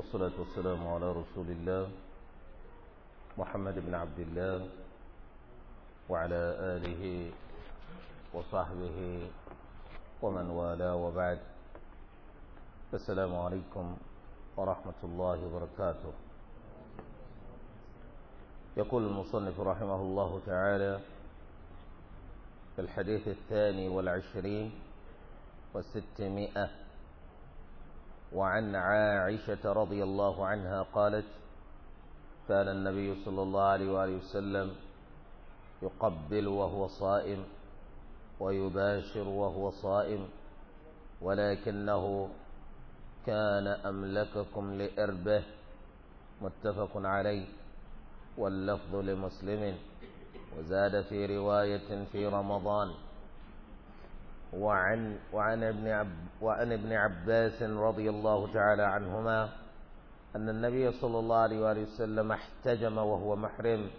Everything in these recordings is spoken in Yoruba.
والصلاة والسلام على رسول الله محمد بن عبد الله وعلى آله وصحبه ومن والاه وبعد السلام عليكم ورحمة الله وبركاته يقول المصنف رحمه الله تعالى في الحديث الثاني والعشرين وستمائة وعن عائشة رضي الله عنها قالت كان النبي صلى الله عليه وآله وسلم يقبل وهو صائم ويباشر وهو صائم ولكنه كان أملككم لإربه متفق عليه واللفظ لمسلم وزاد في رواية في رمضان وعن وعن ابن عب وعن ابن عباس رضي الله تعالى عنهما أن النبي صلى الله عليه وآله وسلم احتجم وهو محرم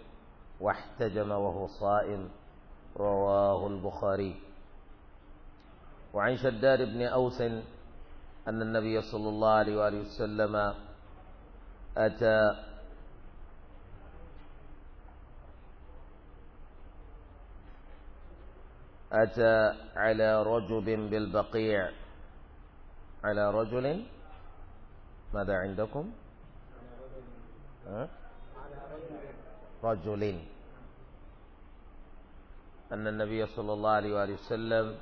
واحتجم وهو صائم رواه البخاري وعن شداد بن أوس أن النبي صلى الله عليه وآله وسلم أتى أتى على رجل بالبقيع على رجل ماذا عندكم رجل أن النبي صلى الله عليه وآله وسلم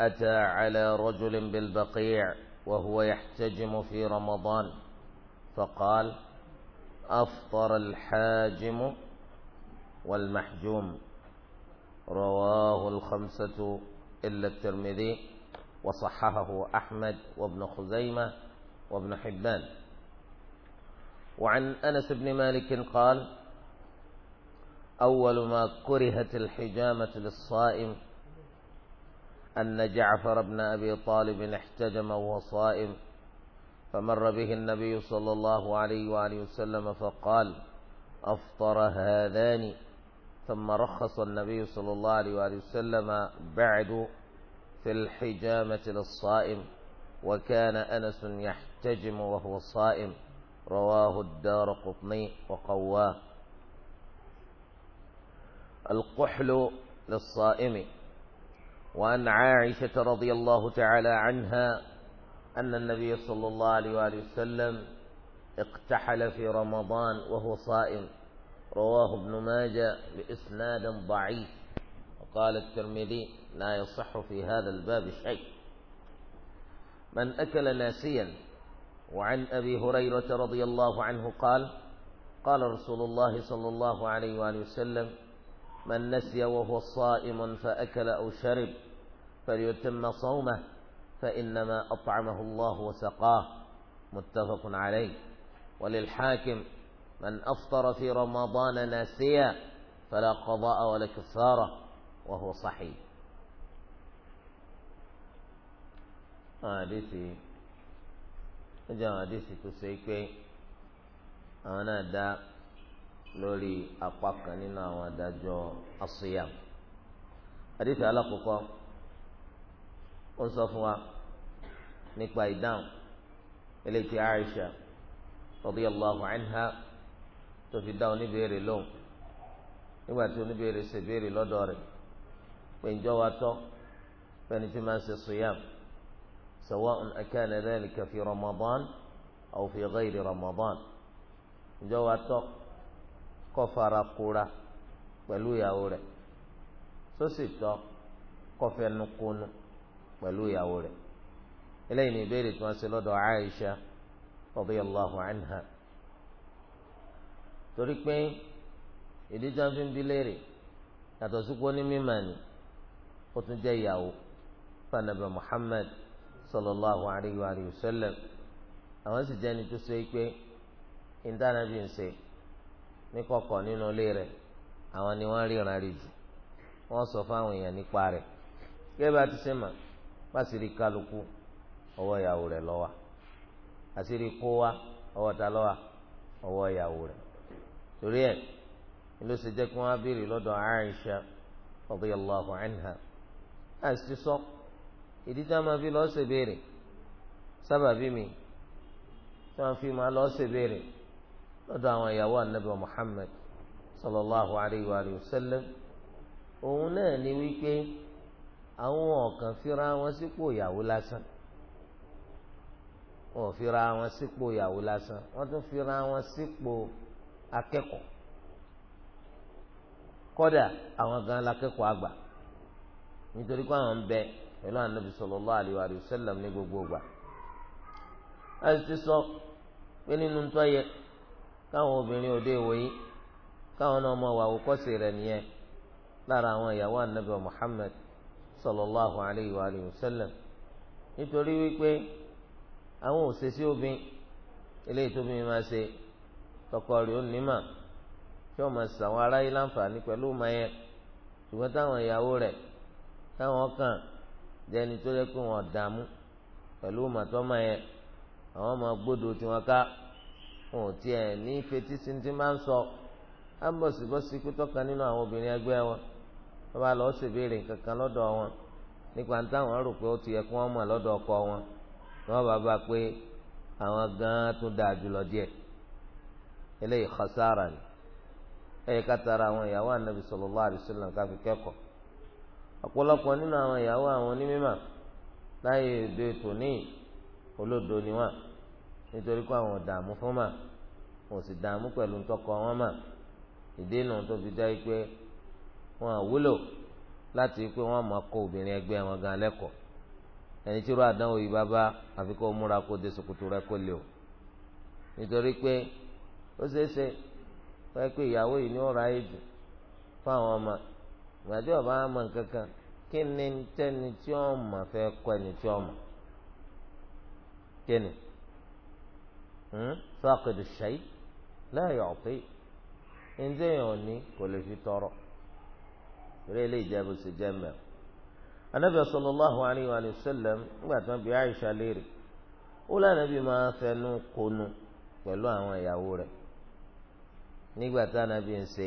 أتى على رجل بالبقيع وهو يحتجم في رمضان فقال أفطر الحاجم والمحجوم رواه الخمسة إلا الترمذي وصححه أحمد وابن خزيمة وابن حبان وعن أنس بن مالك قال أول ما كرهت الحجامة للصائم أن جعفر بن أبي طالب احتجم وهو صائم فمر به النبي صلى الله عليه وآله وسلم فقال أفطر هذان ثم رخص النبي صلى الله عليه وآله وسلم بعد في الحجامة للصائم وكان أنس يحتجم وهو صائم رواه الدار قطني وقواه القحل للصائم وأن عائشة رضي الله تعالى عنها أن النبي صلى الله عليه وآله وسلم اقتحل في رمضان وهو صائم رواه ابن ماجه بإسناد ضعيف وقال الترمذي لا يصح في هذا الباب شيء من أكل ناسيا وعن أبي هريرة رضي الله عنه قال قال رسول الله صلى الله عليه وآله وسلم من نسي وهو صائم فأكل أو شرب فليتم صومه فإنما أطعمه الله وسقاه متفق عليه وللحاكم من أفطر في رمضان ناسيا فلا قضاء ولا كفارة وهو صحيح حديثي جاء حديثي تسيكي أنا دا لولي أقاك لنا ودا جو الصيام حديثي على قوة وصفوا نكبا إدام إليك عائشة رضي الله عنها tó fi dá oníbèrè lóhùn nígbà tí oníbèrè ṣe béèrè lọ́dọ̀ rẹ̀ pé ǹjọ́ wa tọ́ fẹ́ni tí máa ń ṣe suyam sawa'un akana dhalika fi Ramadan aw fi ghayri Ramadan ǹjọ́ wa tọ́ kó fara kura pẹ̀lú ìyàwó rẹ̀ sósì tọ́ kó kunu pẹ̀lú ìyàwó rẹ̀ eléyìí ni ìbéèrè tí wọ́n ṣe lọ́dọ̀ Aisha radiyallahu anha. torí pé ìdí tí wọ́n fi ń bi léèrè yàtọ̀ sípò ní mímà ni ó tún jẹ́ ìyàwó sallallahu alayhi wa sallam àwọn sì jẹ́ tó ṣe pé ìdánábì ń ṣe ní nínú ilé àwọn ni wọ́n ríran rí jù sọ fáwọn èèyàn nípa rẹ̀ gẹ́gẹ́ bá ti ṣe mà pàṣírí kálukú ọwọ́ ìyàwó àṣírí kó wa ta torí ẹ̀ ló ṣe jẹ́ kí wọ́n á béèrè lọ́dọ̀ Aisha radiyallahu anha àìsí sọ ìdí tá a máa fi lọ́ọ́ ṣe béèrè sábàbí mi tí wọ́n fi máa lọ́ọ́ ṣe béèrè lọ́dọ̀ àwọn ìyàwó anabi Muhammad sallallahu alayhi wa sallam òun náà ni wípé àwọn ọ̀kan fira wọn sípò ìyàwó lásán wọn fira wọn sípò ìyàwó lásán wọn tún fira wọn sípò. Si akẹ́kọ̀ọ́ kódà àwọn gan lakẹ́kọ̀ọ́ àgbà nítorí pé àwọn ń bẹ pẹ̀lú ànábì sallallahu alaihi wa sallam ní gbogbo ìgbà láti ti sọ pé nínú tó yẹ káwọn obìnrin òde ìwòyí káwọn náà wa wà rẹ̀ nìyẹn lára àwọn ìyàwó ànábì Muhammad sallallahu alaihi wa nítorí wípé àwọn òṣèṣì eléyìí máa ṣe tọkọ rẹ̀ ó ní mà tí wọ́n máa sàwọn aráyé láǹfààní pẹ̀lú ọmọ yẹn ṣùgbọ́n táwọn ìyàwó rẹ̀ táwọn kàn jẹni tó yẹ kó wọn dààmú pẹ̀lú ọmọ tó ọmọ yẹn àwọn máa gbọ́dọ̀ tiwọn ká wọn ò ní fetí sí ti máa ń sọ á ń bọ̀sibọ́sí pé tọ́kan nínú àwọn obìnrin ẹgbẹ́ wọn wọ́n bá lọ́ọ́ ṣèbéèrè kankan lọ́dọ̀ wọn nípa táwọn rò eléyìí khasara ni ẹ̀yẹ kátara àwọn ìyàwó anabi sallallahu alaihi wasallam káfí kẹ́kọ̀ọ́ ọ̀pọ̀lọpọ̀ nínú àwọn ìyàwó àwọn onímọ̀ láyé èdè tòní olódo ni wọn nítorí pé àwọn dààmú fún mà wọn sì dààmú pẹ̀lú ntọ́kọ wọn mà ìdènà tó fi jẹ́ pé wọn àwúlò láti pé wọn máa kó obìnrin ẹgbẹ́ wọn gan lẹ́kọ̀ọ́ ẹni tí irú àdánwò yìí bá bá àfi múra kó de sòkòtò rẹ̀ kó lè o nítorí pé ó ṣeé ṣe wọ́n pé ìyàwó yìí ní ọ̀rọ̀ ayé jù fáwọn ọmọ ìgbàdí ọba ama kankan kí ni tẹ́ni tí ọmọ fẹ́ kọ́ ẹni tí ọmọ kí ni fàkìdù ṣẹ́yí láàyò ọ̀pẹ́ ǹjẹ́ ò ní kò lè fi tọrọ eré ilé ìjẹ́bù sì jẹ́ anabi sallallahu alayhi wa sallam tí Aisha léèrè ó bí máa fẹnu pẹ̀lú àwọn ìyàwó rẹ̀. nígbà tá ànábì ń ṣe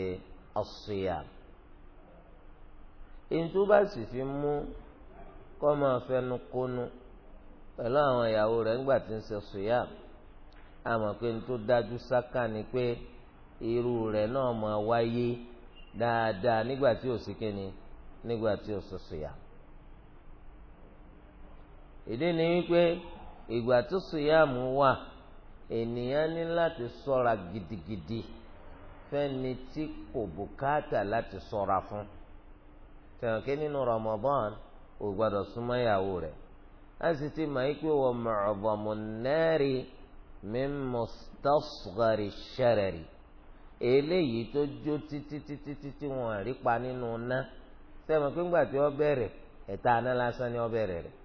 as-siyam èyí tó bá sì fi mú kọ́ máa fẹnu kónú pẹ̀lú àwọn ìyàwó rẹ̀ ńgbà tí ń ṣe siyam àmọ́ pé ní tó dájú sáká ni pé irú rẹ̀ náà máa wáyé dáadáa nígbà tí ò sí kíni nígbà tí ò sọ ìdí ni wípé ìgbà tó siyam wà ènìyàn ní láti ṣọ́ra gidigidi. Gidi fẹ́ni tí kò bùkátà láti ṣọ́ra fún tẹ̀wọ̀n ké nínú Ramadan ò gbọdọ̀ súnmọ́ ìyàwó rẹ̀ a sì ti mọ̀ ikú wọ mọ̀ọ́bọ̀mù nẹ́ẹ̀rì mi mustasghari sharari eléyìí tó jó títí títí títí wọn rí pa nínú ná sẹ́wọ̀n pé ńgbà tí wọ́n bẹ̀rẹ̀ ẹ̀ta aná lásán ni wọ́n bẹ̀rẹ̀ rẹ̀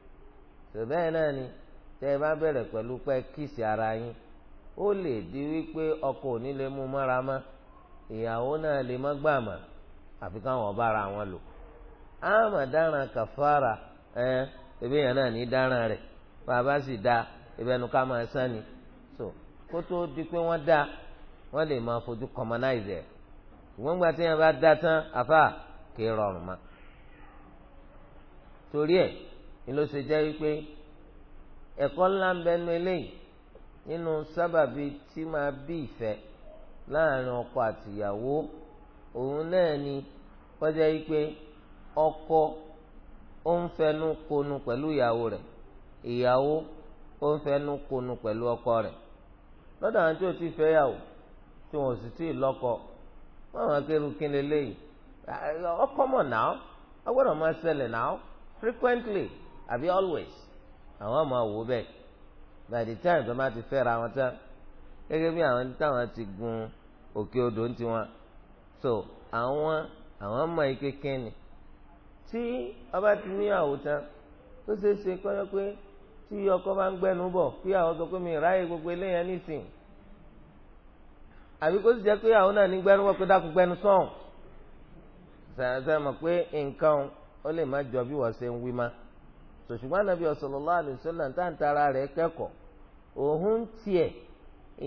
tó bẹ́ẹ̀ náà ni tẹ́ ẹ bá bẹ̀rẹ̀ pẹ̀lú pé kíìsì ara yín ó lè di wípé ọkọ ò lè mú mọ́ra mọ́ ìyàwó náà lè má gbàmà àfi káwọn ọba ara wọn lò àmà dáràn kàfàrà ẹ ebi yẹn náà ní dáràn rẹ bàbá sì dá ìbẹnu ká máa sani so kó tó di pé wọ́n dá wọ́n lè máa fojú commonize ẹ̀ ṣùgbọ́n gba tí yẹn bá dá tán àfà kì í rọrùn ma torí ẹ̀ ni ló ṣe jẹ́ wípé ẹ̀kọ́ ńlá ń bẹnu eléyìí nínú sábàbí tí máa bí ìfẹ́ láàrin ọkọ àtìyàwó òun náà ni kọjá yìí pé ọkọ ó ń fẹnu konu pẹ̀lú ìyàwó rẹ̀ ìyàwó ó ń fẹnu konu pẹ̀lú ọkọ rẹ̀ lọ́dọ̀ àwọn tí ó ti fẹ́ yàwó tí wọn sì tí lọ́kọ wọn àwọn akérò kí ni eléyìí ọkọ mọ̀ náà ọgbọ́dọ̀ máa ṣẹlẹ̀ náà frequently àbí always àwọn máa wò bẹ́ẹ̀ by the time tó máa ti fẹ́ra wọn tán gẹ́gẹ́ bí àwọn táwọn ti gun òkè odò ń tiwọn so àwọn àwọn mọ tí ọba ti níyàwó tán ó ṣeé ṣe kọ́jọ́ pé tí ọkọ bá ń gbẹnu bọ̀ kí àwọn sọ pé mi ráàyè gbogbo eléyàn nísìn àbí kó sì jẹ́ pé àwọn náà ní gbẹnu bọ̀ pé dákun gbẹnu sọ̀hún sàrẹ́sẹ́ mọ̀ pé nǹkan ó lè má jọ bí wọ́n ṣe ń wí má ṣùgbọ́n Ànábì sallallahu alaihi wasallam tá rẹ̀ kẹ́kọ̀ọ́ òun tiẹ̀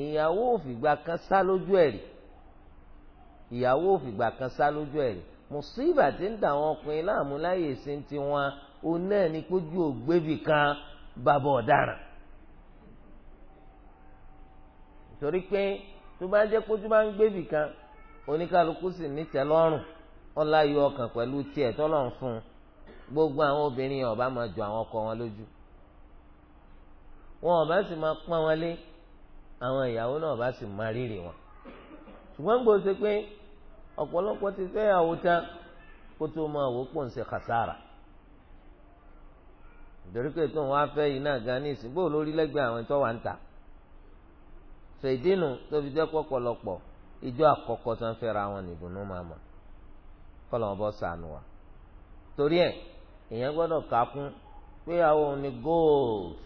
ìyàwó òfìgbà kan sá lójú ìyàwó òfìgbà kan sá lójú ẹ̀ rí mùsíbà tí ń dà wọn ọkùnrin láàmú láyè sí ti wọn òun náà ni kójú ògbébì kan bàbá ọ̀daràn torí pé tó bá jẹ́ kójú bá ń gbébì kan oníkálukú sì nítẹ́lọ́rùn ọláyọ ọkàn pẹ̀lú tiẹ̀ tọ́lọ́run fún un gbogbo àwọn obìnrin ọba máa jọ àwọn ọkọ wọn lójú wọn ọba sì máa pọ́n wọn lé àwọn ìyàwó náà ọba sì máa rírì wọn ṣùgbọ́n gbọ́dọ̀ ṣe pé ọ̀pọ̀lọpọ̀ ti fẹ́ yàwó tán kó tó máa wò ó pò ń ṣe kàsára nítorí pé tó ń wá fẹ́ yìí náà gan ní ìsìnkú olórí lẹ́gbẹ̀ẹ́ àwọn tó wà ń ta sọ ìdínú tó fi jẹ́ pọ̀pọ̀lọpọ̀ ìjọ àkọ́kọ́ tó ń fẹ́ra wọn nìdùnnú máa mọ̀ kọ́lọ̀ wọn bọ́ sànù wa torí ẹ̀ èèyàn gbọ́dọ̀ kà kún pé àwọn òun gold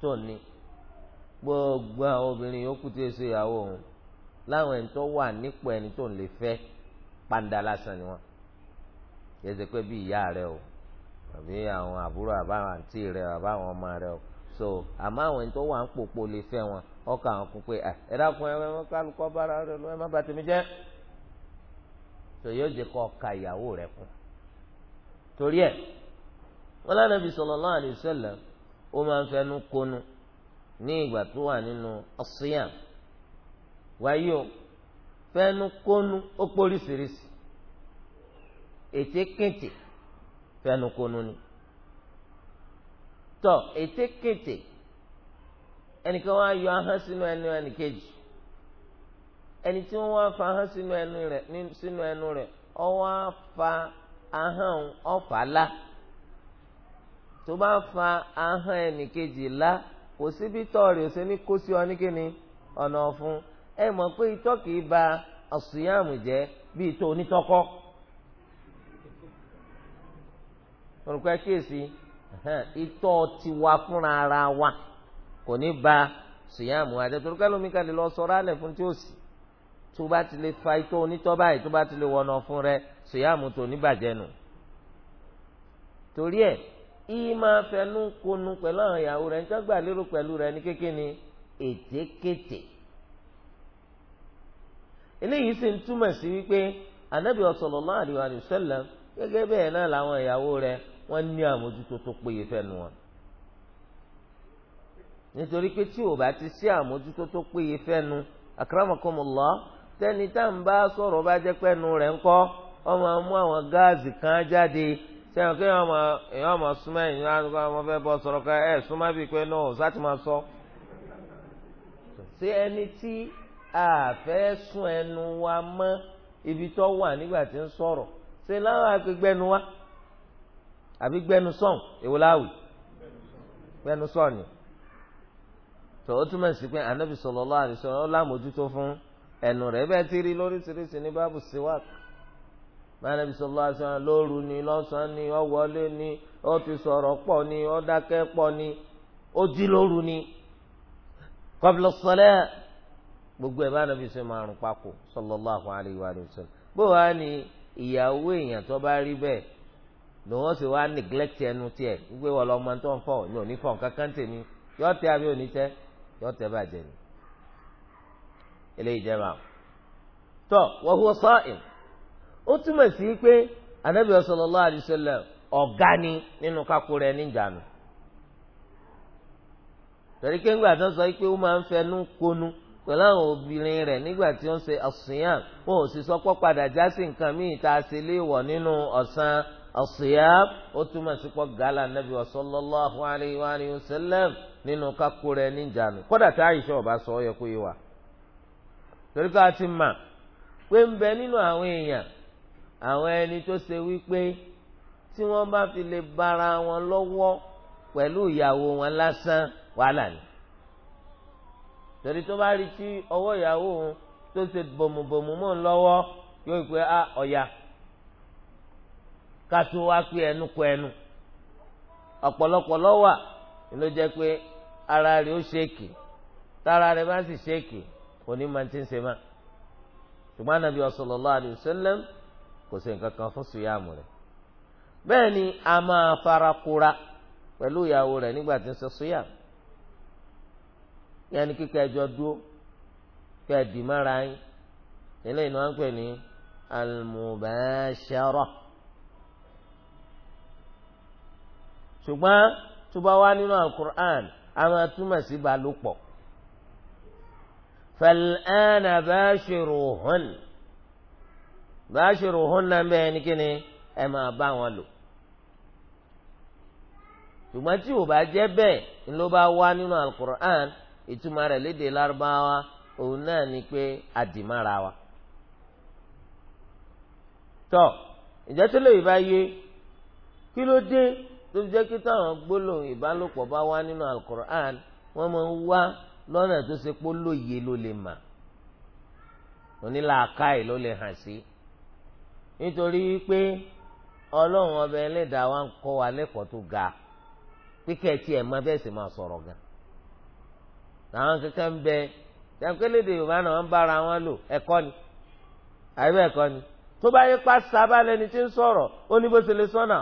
tó ní gbogbo àwọn obìnrin yòókù tó ṣe ìyàwó òun láwọn ẹni tó wà nípò ẹni tó ń lè fẹ́ pàǹdà lásán ni wọn yẹ ṣe pé bí ìyá rẹ o àbí àwọn àbúrò àbáwọn àǹtí rẹ àbáwọn ọmọ rẹ o so àmọ́ àwọn ẹni tó wà ń pòpò lè fẹ́ wọn ọkọ àwọn kún pé ẹ dákun ẹ wọn kálukọ bára rẹ lọ ẹ má bà tèmi jẹ́ so yóò jẹ kọ ka ìyàwó rẹ kún torí ẹ wọn lánàbí sallallahu alaihi wasallam ó máa ń fẹnu kónú ní ìgbà tó wà nínú as wáyé o fẹnukónú ó póríṣiríṣi ètékètè fẹnukónú ni tọ ètékètè ẹnìkan wá yọ ahọ́n sínú ẹnu ẹnìkejì ẹni tí wọ́n wá fa ahọ́n sínú ẹnu rẹ̀ sínú ẹnu rẹ̀ ọ wá fa ahọ́n ọ̀fà lá tó bá fa ahọ́n ẹnìkejì lá kò síbi tọ́ọ̀rì òsè ní kó sí ọ ní kíni ọ̀nà ọ̀fun ẹ mọ̀ pé itọ́ kìí ba àṣìyàmù jẹ́ bí itọ́ onítọ́kọ́ olùkọ́ kíyèsí itọ́ ti wa fúnra ara wa kò ní ba àṣìyàmù wa jẹ́ torúkọ́ lómi kan lè lọ sọ rálẹ̀ fún tí ó sì tó bá ti lè fa itọ́ onítọ́ báyìí tó bá ti lè wọnà fún rẹ àṣìyàmù tó níbàjẹ́ nù torí ẹ̀ ìmọ̀ afẹnukonu pẹ̀lú àwọn ìyàwó rẹ̀ nítorí gbà lérò pẹ̀lú rẹ̀ ní kékeré ètékété eléyìí sì ń túmọ̀ sí wípé anabi sallallahu alaihi wa sallam gẹ́gẹ́ bẹ́ẹ̀ náà làwọn ìyàwó rẹ̀ wọ́n ní àmójútó tó péye fẹ́nu wọn nítorí pé tí ò bá ti sí àmójútó tó péye fẹ́nu akramakumullah tẹ́ni tá à bá sọ̀rọ̀ bá jẹ́ pẹ́nu rẹ̀ ń kọ́ àwọn gáàsì kan jáde sẹ́yìn kí èèyàn ọmọ súnmọ́ ẹ̀yìn ládùúgbò bíi náà sọ. ṣé ẹni tí àfẹ́ sùn ẹnu wa mọ́ ibi tó wà nígbà tí ń sọ̀rọ̀ ṣe láwọn agbègbẹ́nu wa àbí gbẹ́nu sọ̀n èwo láwì gbẹ́nu sọ̀n ni tó o túmọ̀ sí pé anabi sallallahu alaihi wasallam ó lámòjútó fún ẹnu rẹ̀ bẹ́ẹ̀ ti rí lóríṣiríṣi ní báàbù síwáàk anabi sallallahu alaihi wasallam lóru ni lọ́sàn-án ni ó wọlé ni ó ti sọ̀rọ̀ pọ̀ ni ó dákẹ́ pọ̀ ni ó jí lóru ni qabla gbogbo ebe bá nàbí sọ máa rùn papọ̀ sallallahu alayhi wa sallam bó ní ìyàwó èèyàn tó bá rí ni wọ́n sì wá neglect ẹnu tiẹ̀ wípé wọ́n lọ ọmọ tó ń fọ̀ ní òní kankan tèmi yọ tẹ yọ tẹ ni eléyìí jẹ́ báwọn. tọ́ wa huwa sa'im ó túmọ̀ sí pé anabi wa ọ̀gá ni sọ pé ó máa ń fẹnu pẹ̀lú àwọn obìnrin rẹ̀ nígbà tí ó ń ṣe as-siyam wọn ò sì sọ pé padà já sí nǹkan míì tá a ṣe léèwọ̀ nínú ọ̀sán as-siyam ó túmọ̀ sí pọ̀ gàlà nàbí sallallahu alayhi wa alihi wa sallam nínú kákó rẹ̀ níjànú kódà tá àyíṣẹ́ ọ̀bá sọ ọ́ kó yé wa. torí ká ti mà pé ń bẹ nínú àwọn èèyàn àwọn ẹni tó ṣe wípé tí wọ́n bá fi lè bára wọn lọ́wọ́ pẹ̀lú ìyàwó torí tó bá rí tí ọwọ́ ìyàwó òun tó ṣe bòmùbòmù mọ́ ń lọ́wọ́ yóò pé a ọ̀yà kátó wá pé ẹnu kọ ẹnu ọ̀pọ̀lọpọ̀ lọ́wà ló jẹ́ pé ara rẹ̀ ó ṣèkì tára rẹ̀ bá sì ṣèkì òní máa ti ń ṣe má ṣùgbọ́n Ànábì sallallahu alayhi wa sallam kò sí nǹkan kan fún sùyàmù rẹ̀ bẹ́ẹ̀ ni a máa fara kura pẹ̀lú ìyàwó rẹ̀ nígbà tí ń sọ sùyàmù yẹn ni kíkẹ́ ẹjọ́ dúró kẹ́ ẹ dì mára yín eléyìí ni wọ́n ń pè ní almubashara ṣùgbọ́n tó bá wá nínú alukur'an a máa túmọ̀ sí balùpọ̀ fal'ana bashiruhun bashiruhun náà bẹ́ẹ̀ ni kí ni ẹ máa bá wọn lò ṣùgbọ́n tí ò bá jẹ́ bẹ́ẹ̀ ló bá wá nínú alukur'an ìtumọ̀ rẹ̀ léde lárúbáwá òun náà ni pé àdìmára wa. tọ́ ìjẹ́ tó lè bá yé kí ló dé tó fi jẹ́ kí táwọn gbólóhùn ìbálòpọ̀ bá wá nínú alukur'an wọ́n máa ń wá lọ́nà tó ṣe pé lóye ló lè mà onílàákàyè ló lè hàn sí nítorí pé ọlọ́run ọba ẹlẹ́dàá wa ń kọ́ wa lẹ́kọ̀ọ́ tó ga pé kẹ́ẹ̀tì ẹ̀ má bẹ́ẹ̀ sì máa sọ̀rọ̀ gan-an làwọn kankan ń bẹ jàǹkélédè yorùbá náà wọn bára wọn lò ẹ̀kọ́ ni àbí ẹ̀kọ́ ni tó bá yẹ pa sábà lẹni tí ń sọ̀rọ̀ ó ní bó ṣe lè sọ́nà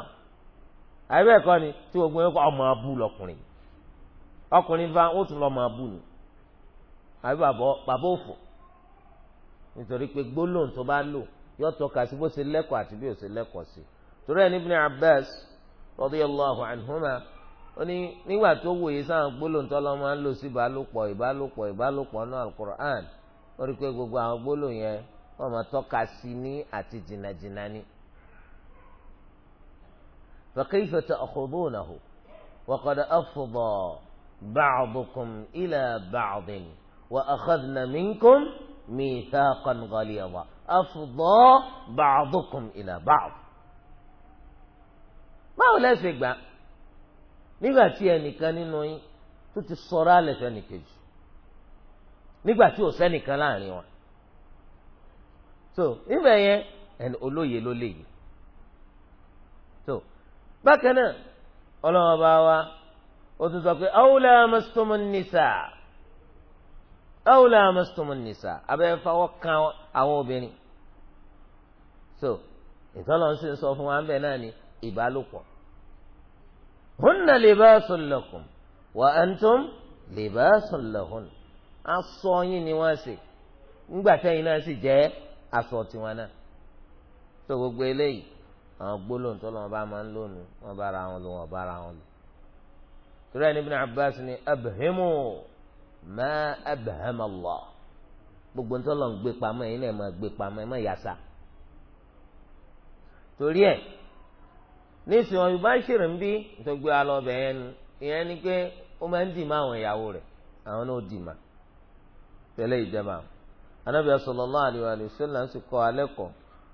àbí ẹ̀kọ́ ni tí gbogbo yẹn kọ́ ọmọ abú lọkùnrin ọkùnrin fa ó tún lọ ọmọ abú ni àbí bàbá òfò nítorí pé gbólóhùn tó bá lò yóò tọ́ka sí bó ṣe lẹ́kọ̀ọ́ àti bí ó ṣe lẹ́kọ̀ọ́ sí torí ẹni Ibn Abbas radiyallahu anhuma ó ní nígbà tó wòye sáwọn gbólóhùn tó lọ́ máa ń lò sí ìbálòpọ̀ ìbálòpọ̀ ìbálòpọ̀ náà alukur'an ó rí i pé gbogbo àwọn gbólóhùn yẹn wọ́n máa tọ́ka sí ní àti jìnnàjìnnà ni. fa kayfa ta'khudunahu wa qad afdha ba'dukum ila ba'din wa akhadna minkum mithaqan ghalidha afdha ba'dukum ila ba'd. báwo lẹ́sìn gbà nígbà tí ẹnìkan nínú yín tó ti sọ̀rọ̀ alẹ́ fẹ́nìkejì nígbà tí ò sẹ́nìkan láàrin wọn so ibẹ̀ yẹn ẹni olóye ló lè yìí so bákan náà ọlọ́wọ́ bá wa ó tún sọ pé awúlẹ̀ amẹ́sítọ́mù nìsà awúlẹ̀ amẹ́sítọ́mù nìsà abẹ́rẹ́ kan àwọn obìnrin so ìtọ́lọ́nsìn sọ fún wa ń bẹ̀ náà ni ìbálòpọ̀ hunna libasun lakum wa antum libasun lahun aṣọ yín ni wọ́n ṣe ńgbà tẹ́yìn náà sì jẹ́ aṣọ tiwọn náà tó gbogbo eléyìí àwọn gbólóhùn tó lọ́wọ́ bá máa ń lónu wọ́n bá ara wọn lò wọ́n bá ara wọn lò. torí ẹni Ibn Abbas ni abhimu ma abhama Allah gbogbo ń tọ́lọ̀ ń gbé pamọ́ ẹ̀yin náà máa gbé pamọ́ ẹ̀ máa yàsà torí ẹ̀ nísìnyí wọn yorùbá ṣèrè ń bí nítorí alọ́bẹ̀ yẹn nu ìyẹn ni pé ó máa ń dìímọ̀ àwọn ìyàwó rẹ̀ àwọn náà dìímọ̀ tẹ̀lé ìjẹba anábìyà sallallahu alaihi wasallam ń sì kọ́ alẹ́ kọ́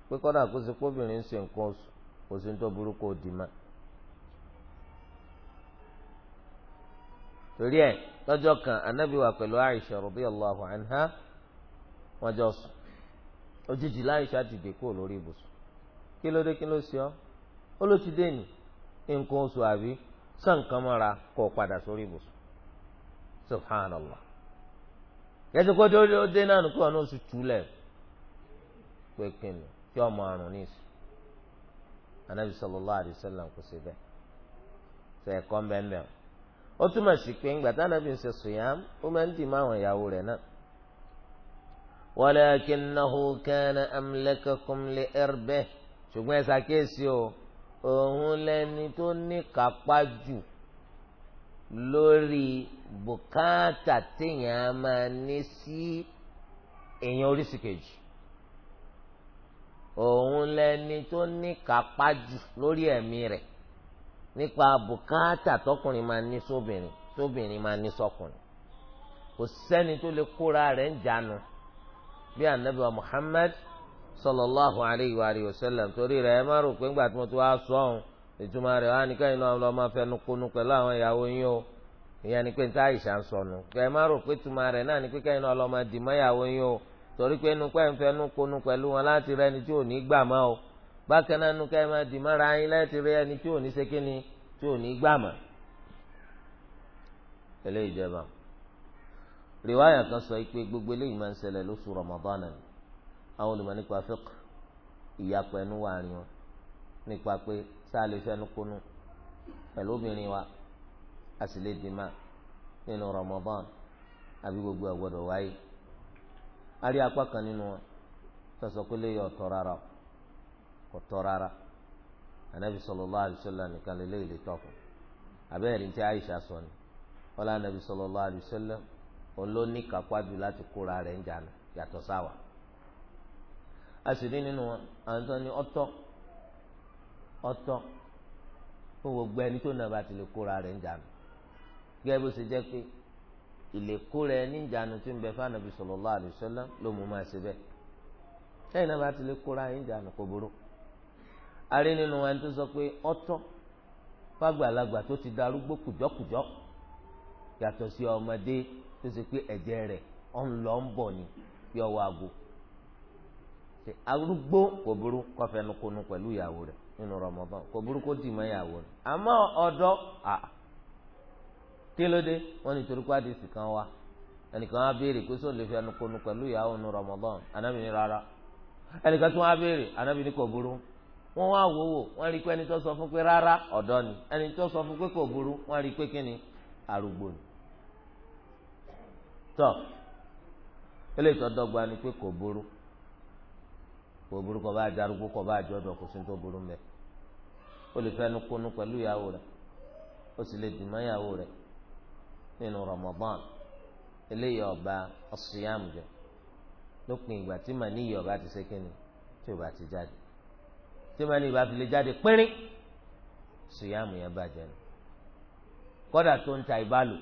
pé kọ́dà kó sì kóbìnrin ṣe nǹkan oṣù kò sí tó burúkú torí ẹ lọ́jọ́ kan anábì wà pẹ̀lú Aisha radiyallahu anha wọ́n jọ sùn dìde kúrò lórí ibùsùn kí ló dé kí ló ó ló ti dé ní nǹkan oṣù àbí sàn mọ́ra padà sórí ibùsùn subhanallah yẹtù kó tó ó dé náà nìkan náà oṣù túlẹ̀ pé kínní kí ọmọ sallallahu alayhi wa sallam kò sí bẹ́ẹ̀ sọ ẹ̀kọ́ mbẹ́mbẹ́ ó túmọ̀ sí pé ńgbà tánabi ń ṣe sùyàm ó máa ń dì má àwọn ìyàwó rẹ̀ náà. walakinnahu kana erbe. li irbihi o. òun lẹni tó ní kápá jù lórí bùkátà téèyàn á máa ní sí èèyàn oríṣi kejì òun lẹni tó ní kápá jù lórí ẹ̀mí rẹ̀ nípa bùkátà tọkùnrin máa ní sóbìnrin tóbìnrin máa ní sọkùnrin kò sẹ́ni tó lè kóra rẹ̀ ń jánu bí anabi wa Muhammad sallallahu alayhi wa alihi wa sallam torí rẹ̀ ẹ má rò pé ńgbà tí mo ti wá sọ ọ̀hún ìtumọ̀ rẹ̀ wá ní káyìn náà lọ máa fẹnu kunu pẹ̀lú àwọn ìyàwó yín o ìyẹn ni pé ní táyì ṣàǹsọ̀nù ẹ má rò pé ìtumọ̀ rẹ̀ náà ni pé káyìn náà lọ máa dì mọ́ ìyàwó yín o torí pé inú pẹ́ ń fẹnu kunu pẹ̀lú wọn láti rẹ ẹni tí ò ní gbà mọ́ o bákan náà inú káyìn máa dì mọ́ra yín láti rẹ ẹni tí ò ní sékíní tí ò ní gbà mọ́. eléyìí jẹba rìwáyà kan àwọn olùmọ̀ nípa fiqh ìyapọ̀ ẹnu wà rìn wọn nípa pé sáà lè fẹ́nu kúnú pẹ̀lú obìnrin wa a sì lè dìímà nínú Ramadan àbí gbogbo àgbọ̀dọ̀ wáyé a rí apá kan nínú wọn sọsọ pé lè yọ ọ̀tọ̀ rárá ọ̀tọ̀ rárá anabi sallallahu alaihi wasallam nìkan lè léyìí lè tọkùn abẹ́rẹ́ tí Aisha sọ ni wọ́n lé anabi sallallahu alaihi wasallam olóníkàpá jù láti kóra rẹ̀ ń jà yàtọ̀ sáwà. a sì rí nínú àǹtọ́ ni ọ̀tọ̀ ọ̀tọ̀ fún gbogbo ẹni tó nàbà ti lè kóra rẹ̀ ń gẹ́gẹ́ bó ṣe jẹ́ pé ìlèkóra ẹni ń jànú ń bẹ fún ànàbì sallallahu alaihi wasallam ló mú máa ṣe bẹ́ẹ̀ ti lè kóra ẹni ń kò burú a nínú ẹni tó sọ pé fàgbàlagbà tó ti darúgbó yàtọ̀ sí ni arúgbó kò burú kó fẹnukonu pẹ̀lú ìyàwó rẹ̀ nínú Ramadan kò burú kó dì mọ́ ìyàwó rẹ̀ àmọ́ ọ̀dọ́ à kílódé wọ́n ní torí pé àdìsí kan wá ẹnìkan á béèrè pé sóò lè fẹnukonu pẹ̀lú ìyàwó nínú anábì ní rárá ẹnìkan tún á béèrè anábì ní kò burú wá wò wò rí i pé ẹni tó sọ fún pé rárá ni ẹni tó sọ fún pé kò burú rí i pé kíni arúgbó ni eléyìí tó dọgba ni pé kò burú kò burú kọ bá darúgbó kọ bá jọdọ kò sí tó burú mbẹ ó lè fẹnu kónú pẹ̀lú ìyàwó rẹ̀ ó sì lè dìmọ́ ìyàwó rẹ̀ nínú Ramadan eléyìí ọba ọsùnyàmù jẹ lópin ìgbà tí màá níyì ọba ti sékéni tí ò bá ti jáde tí màá níyì ọba fi lè jáde pínrín sùyàmù yẹn bàjẹ́ ni kódà tó ń ta ìbálò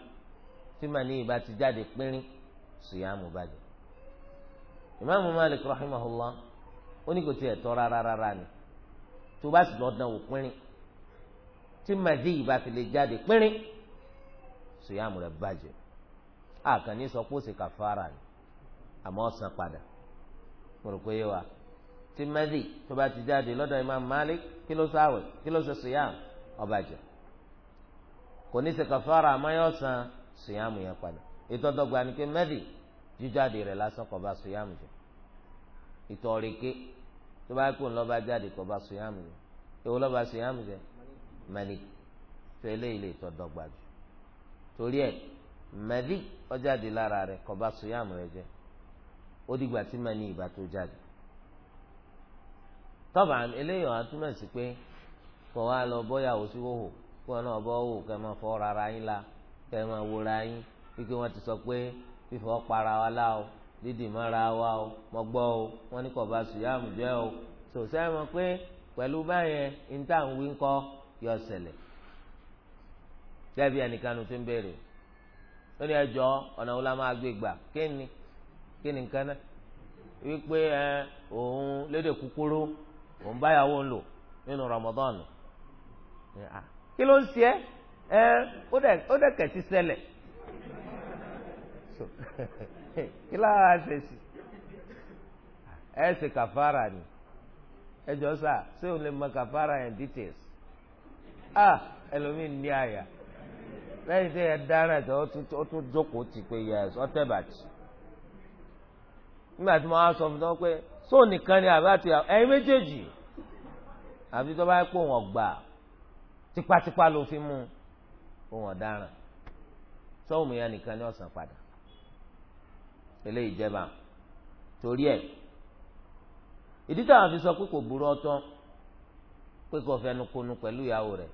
tí màá níyì ọba ti jáde pínrín sùyàmù bàjẹ́. Imaamu Malik rahimahullah ó ní kò tiẹ̀ tọ́ rárá rárá ni tó bá sì lọ́ọ́ dán wò pínrín tí màdí yìí bá fi lè jáde pínrín sùyàmù rẹ̀ bàjẹ́ àkànní sọ pé ó sì kàfàrà ni àmọ́ ọ̀sán padà mo rò pé wa tí màdí tó bá ti jáde lọ́dọ̀ Imam Malik kí ló sáwẹ̀ kí ló sọ sùyàmù ó bàjẹ́ kò ní ṣe kàfàrà àmọ́ yóò san sùyàmù yẹn padà ètò ni pé màdí jíjáde rẹ̀ lásán kò bá sùyàmù jẹ́ ìtọ̀ ọ̀rẹ́kẹ́ tó bá kó ńlọ́ba jáde kó bá sùyàmù jẹ èwo lọ́ba sùyàmù jẹ mẹ́lì tó eléyìí lè tọ́ dọ́gba jù torí ẹ mẹ́lì ó jáde lára rẹ kó bá sùyàmù rẹ jẹ ó dìgbà tí mẹ́lì ìbá tó jáde tọ́ba eléyìí ọ̀hán túmọ̀ sí pé kó wá lọ bọ́yàwó sí wòhò kó náà bọ́ wò kẹ́ máa fọ́ rárá yín la kẹ́ máa wòrà yín wípé wọ́n ti sọ pé fífọ́ para wa láò dídì mọ́ra wa o mọ́ gbọ́ o wọn ní kọba bá sùyàmù jẹ́ o tó sẹ́yìn mọ̀ pé pẹ̀lú báyẹn níta ń yọ ṣẹlẹ̀ dẹ́bi ẹnìkanu tó ń béèrè ó ní ẹjọ́ ọ̀nà wo la máa gbé gbà kí ni kí wípé ẹ òun lédè kúkúrú òun báyàwó ń lò nínú kí ló ń ṣe ẹ ó dẹ̀ so kí láwọn á fèsì ẹ ṣe kàfàrà ni ẹ jọ sà ṣé o lè mọ kàfàrà yẹn details ah ẹlòmíín ní àyà lẹ́yìn tí ẹ dára ẹ̀ tó tún jókòó ti pé yẹs ọtẹ bàtì nígbà tí mo á sọ fún wọn pé sóò nìkan ni àbí àti ẹ̀yin méjèèjì àbí tó bá yẹ kó wọn gbà tipátipá ló fi mú òun ọ̀daràn sọ́ọ̀mù yẹn nìkan ni ọ̀sán padà eléyìí jẹba torí ẹ ìdí táwọn fi sọ pé kò burú ọtọ pé kò fẹnu kunu pẹ̀lú ìyàwó rẹ̀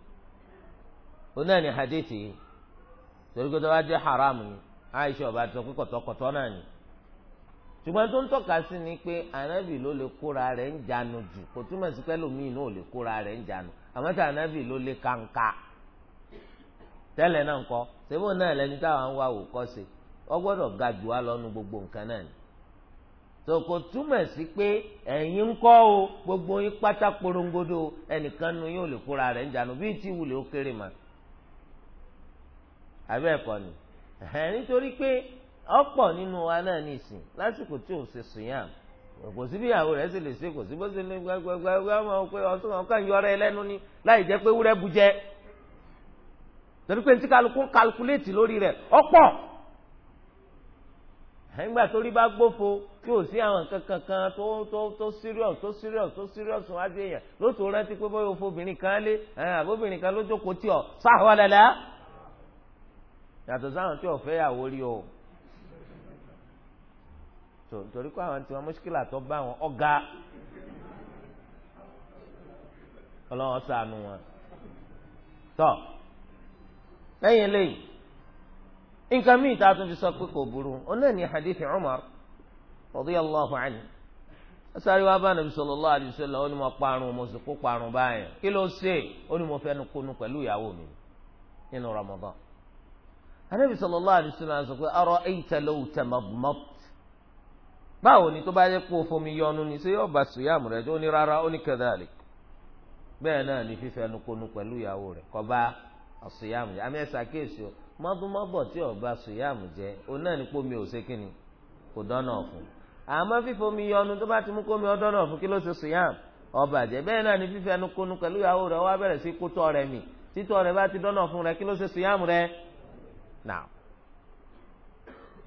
oní ẹni hadith torí pé tó bá jẹ́ haram ni Aisha ọba tó pé kọ̀tọ̀kọ̀tọ̀ náà ni ṣùgbọ́n tó ń tọ́ka sí ni pé anabi ló lè kóra rẹ̀ ń jánu jù kò túmọ̀ sí pẹ́lú míì náà lè kóra rẹ̀ ń jánu àmọ́ tí anabi ló lè kàǹkà tẹ́lẹ̀ náà ń kọ́ sẹ́fún náà lẹni táwọn ń wá òkọ́ sí i ọgbọ́dọ̀ ga jù wá lọ́nu gbogbo nǹkan náà ni tòkò túmọ̀ sí pé ẹ̀yin ń o gbogbo yín pátá porongodo ẹnìkan nu yóò lè kóra rẹ̀ ń jànú wule tí wulẹ̀ ó kéré ni nítorí pé ọ̀pọ̀ nínú wa náà ní ìsìn lásìkò tí ò ṣe sùn yàn kò sí bí ìyàwó rẹ̀ sì lè ṣe kò sí bó ṣe lè pé ọtún ọkọ ni láì pé wúrẹ́ bu jẹ torí pé ní kálukú nígbà tó rí bá gbófo tí ò sí àwọn nǹkan kankan tó tó tó serious tó serious tó serious wá sí èèyàn ló tó rántí pé bóyá òfobìnrin kan lé àbóbìnrin kan ló jókòó tí ọ sáwọ lẹlẹ yàtọ̀ sáwọn tí ò fẹ́ yàwó rí o torí kó àwọn tiwọn mọ́ṣíkìlà tó bá wọn ọ̀gá ọlọ́wọ́n sànù wọn tọ́ lẹ́yìn eléyìí nǹkan míì tá a tún fi sọ pé kò burú ọ̀nà ní hadith Umar radiyallahu anhu asáré wa bá nàbí sallallahu alaihi wasallam ó ní mo parun mo sì kó parun báyìí kí ló ṣe ó ní mo fẹnu kunu pẹ̀lú ìyàwó mi nínú Ramadan anabi sallallahu alaihi wasallam sọ pé ara'ayta law tamadmadt báwo ni tó bá yẹ kó fomi yọnu ni ṣé yóò bá sùyàmù rẹ tó ní rárá ó ní kadhalik bẹ́ẹ̀ náà ní fífẹnu kunu pẹ̀lú ìyàwó rẹ kọ bá àsùyàmù rẹ àmì ẹsà kéèsì o mọ́dúnmọ́bọ̀ tí ọba sùyàmù jẹ́ òun náà ní pómi òsè kínni kò dọ́nà ọ̀fun àmọ́ fífomi yọnu tó bá ti mú kómi ọdọ́nà ọ̀fun kí ló ṣe sùyàmù ọba jẹ́ bẹ́ẹ̀ náà ní fífẹ́ ẹnu kónú pẹ̀lú ìyàwó rẹ̀ wá bẹ̀rẹ̀ sí kótó rẹ̀ mì títọ́ rẹ̀ bá ti dọ́nà ọ̀fun rẹ̀ kí ló ṣe sùyàmù rẹ̀ náà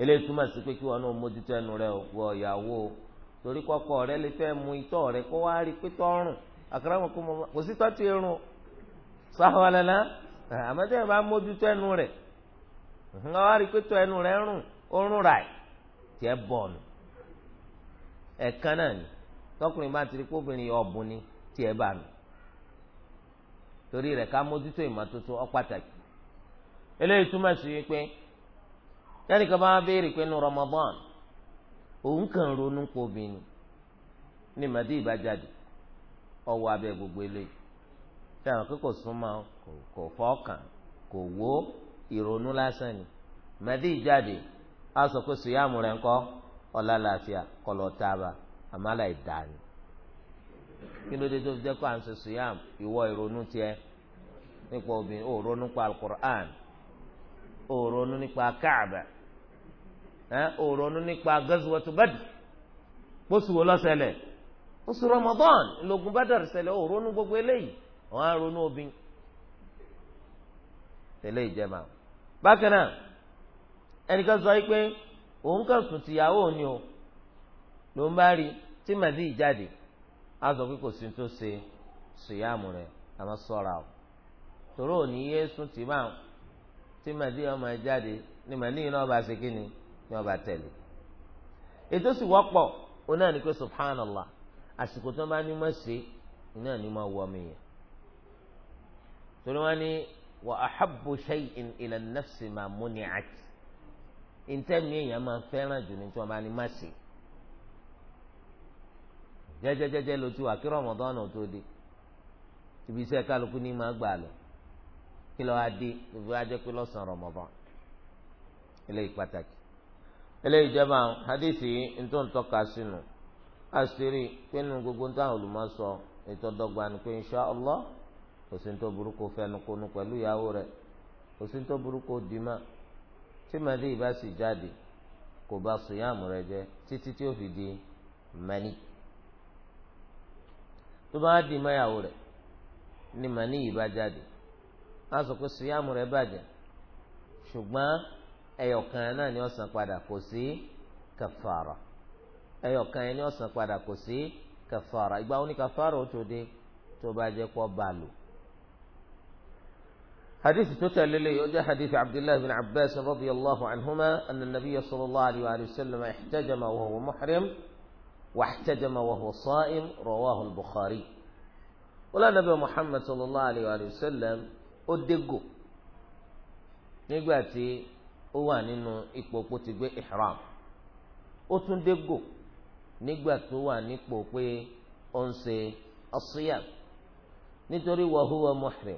eléyìí túmọ̀ sí pé kí wọn náà mójútó ẹnu rẹ̀ wọ ìyàwó torí kọ́kọ́ rẹ̀ lè fẹ́ mu itọ́ rẹ̀ kó wá rí pétọ́ ọ̀rùn àkàràmọ̀ kó mọ̀ kò sí tọ́tù irun sáwọn lẹ́la àmọ́ tẹ́ ẹ bá mójútó ẹnu rẹ̀ wọn wá enu i pé tó ẹnu rẹ rùn oorun rà ẹ tiẹ bọọnu ẹ̀ẹ̀kan náà ni tọkùnrin bá ti rí kóbìnrin ọ̀bùn ni tiẹ bá nù torí rẹ̀ ká mójútó ìmọ́tótó ọ̀pàtàkì eléyìí túmọ̀ sí wípé yẹ́nìkan bá béèrè pé nu Ramadan òun kàn ronú pọ̀ obìnrin ní ìbájáde ọwọ́ abẹ́ gbogbo eléyìí fẹ́ràn pé kò súnmọ́ kò fọ́ kàn kò wó ìrònú lásán ni mẹ́tí ìjáde á sọ pé sùyàmù rẹ̀ ńkọ́ ọ̀la làáfíà kọlọ̀ tààbà àmàlà ìdáni kí ló dé tó fi kó à ń sọ sùyàmù ìwọ ìrònú nípa obìnrin ó ronú pa alukur'an ó ronú nípa káàbà ó ronú nípa gbósùwò lọ́sẹ̀lẹ̀ oṣù Ramadan gbogbo eléyìí wọn á ronú obìnrin bákan náà ẹnìkan sọ yìí pé òun kàn sùn tìyàwó òní o ló ń bá rí tí màdí ìjáde á sọ pé kò sí tó ṣe sùyàmù rẹ àmọ́ ṣọ́ra o tòró òní yé sùn tì máa tí màdí ọmọ ni màdí yìí náà ṣe kí ni ọba tẹ̀lé ètò sì náà subhanallah àsìkò tó wa ahabbu shay'in ila nafsi ma muni'at ntẹ́mi èèyàn máa fẹ́ràn jù ní tí wọ́n bá ní má ṣe jẹ́jẹ́jẹ́jẹ́ ló ti wà kí Ramadan náà tó dé ibi iṣẹ́ kálukú ní máa gbà lọ kí lọ́ọ́ adé ìfi wá jẹ́ pé lọ́sàn-án Ramadan eléyìí pàtàkì eléyìí jẹba hadisi ntó ni òsíntó burúkú fẹnukunu pẹ̀lú ìyàwó yawo òsíntó burúkú dìímà tí màdí ìbá sì jáde kò bá sùyàmù rẹ jẹ titi tí ó fi di mani tó bá di mayàwó ni mani yìí bá jáde á sọ rẹ sùyàmù rẹ̀ ẹyọkan ni ó san padà kò sí ẹyọkan yẹn ni ó san padà kò sí kàfàrà ìgbà wo ni kàfàrà ó tó dé tó bá jẹ́ حديث تتل لي وجاء حديث عبد الله بن عباس رضي الله عنهما أن النبي صلى الله عليه وآله وسلم احتجم وهو محرم واحتجم وهو صائم رواه البخاري ولا نبي محمد صلى الله عليه وآله وسلم أدقوا نقاتي هو ننو إكبوكو تقوي إحرام أتندقوا نقاتي هو نقبوكو أنسي الصيام نتري وهو محرم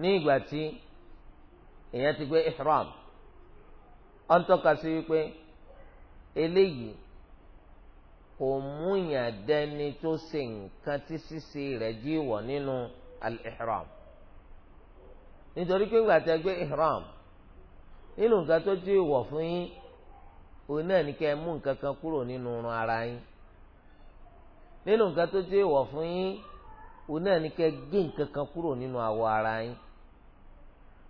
ní ìgbà tí èèyàn ti gbé ihram ọ̀n tọ́ka sí wípé eléyìí kò múyàn dẹni tó ṣe nǹkan tí ṣíṣe rẹ̀ jí wọ̀ nínú al-ihram nítorí pé ìgbà tí a gbé ihram nínú nǹkan tó jí wọ̀ fún yín òun náà ní kẹ́ ẹ mú nǹkan kan kúrò nínú irun ara yín nínú nǹkan tó jí wọ̀ fún yín òun náà ní kẹ́ ẹ gé nǹkan kan kúrò nínú awọ ara yín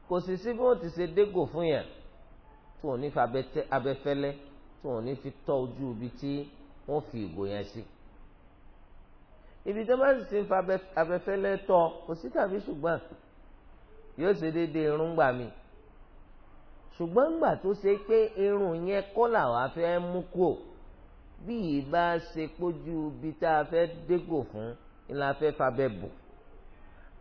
kò sì sí bí wọ́n ti ṣe dégò fún yàn tí wọ́n ní fi abẹ́fẹ́lẹ́ tí wọ́n ní fi tọ́ ojú ibi tí wọ́n fi ìgò yẹn sí. ibi tó bá sì ṣe ń fa abẹ́fẹ́lẹ́ tọ́ kò sí tàbí ṣùgbọ́n yóò ṣe déédéé irúngbà mi ṣùgbọ́n ńgbà tó ṣe pé irun yẹn kọ́ làwọn afẹ́ mú kúò bí yìí bá ṣe pójú ibi tá a fẹ́ dégò fún ni la fẹ́ fabẹ́ bò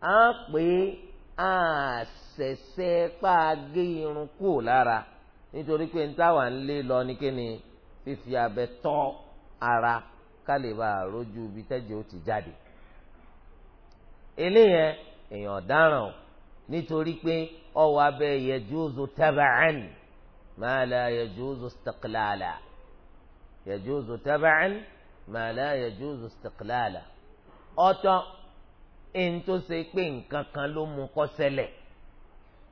á pè é àṣẹ̀ṣẹ̀ pa gé irun kúrò lára nítorí pé ntáwà ń lé lọ ní kíni fífi abẹ tọ́ ara ká lè bá àrójú ibi tẹ́jọ́ ti jáde eléyẹn èèyàn dáràn o nítorí pé ọwọ́ abẹ yajuzu taba'an ma la yajuzu istiqlala yajuzu taba'an ma la yajuzu istiqlala ọ̀tọ̀ ẹni tó ṣe pé nǹkan kan ló mú kó ṣẹlẹ̀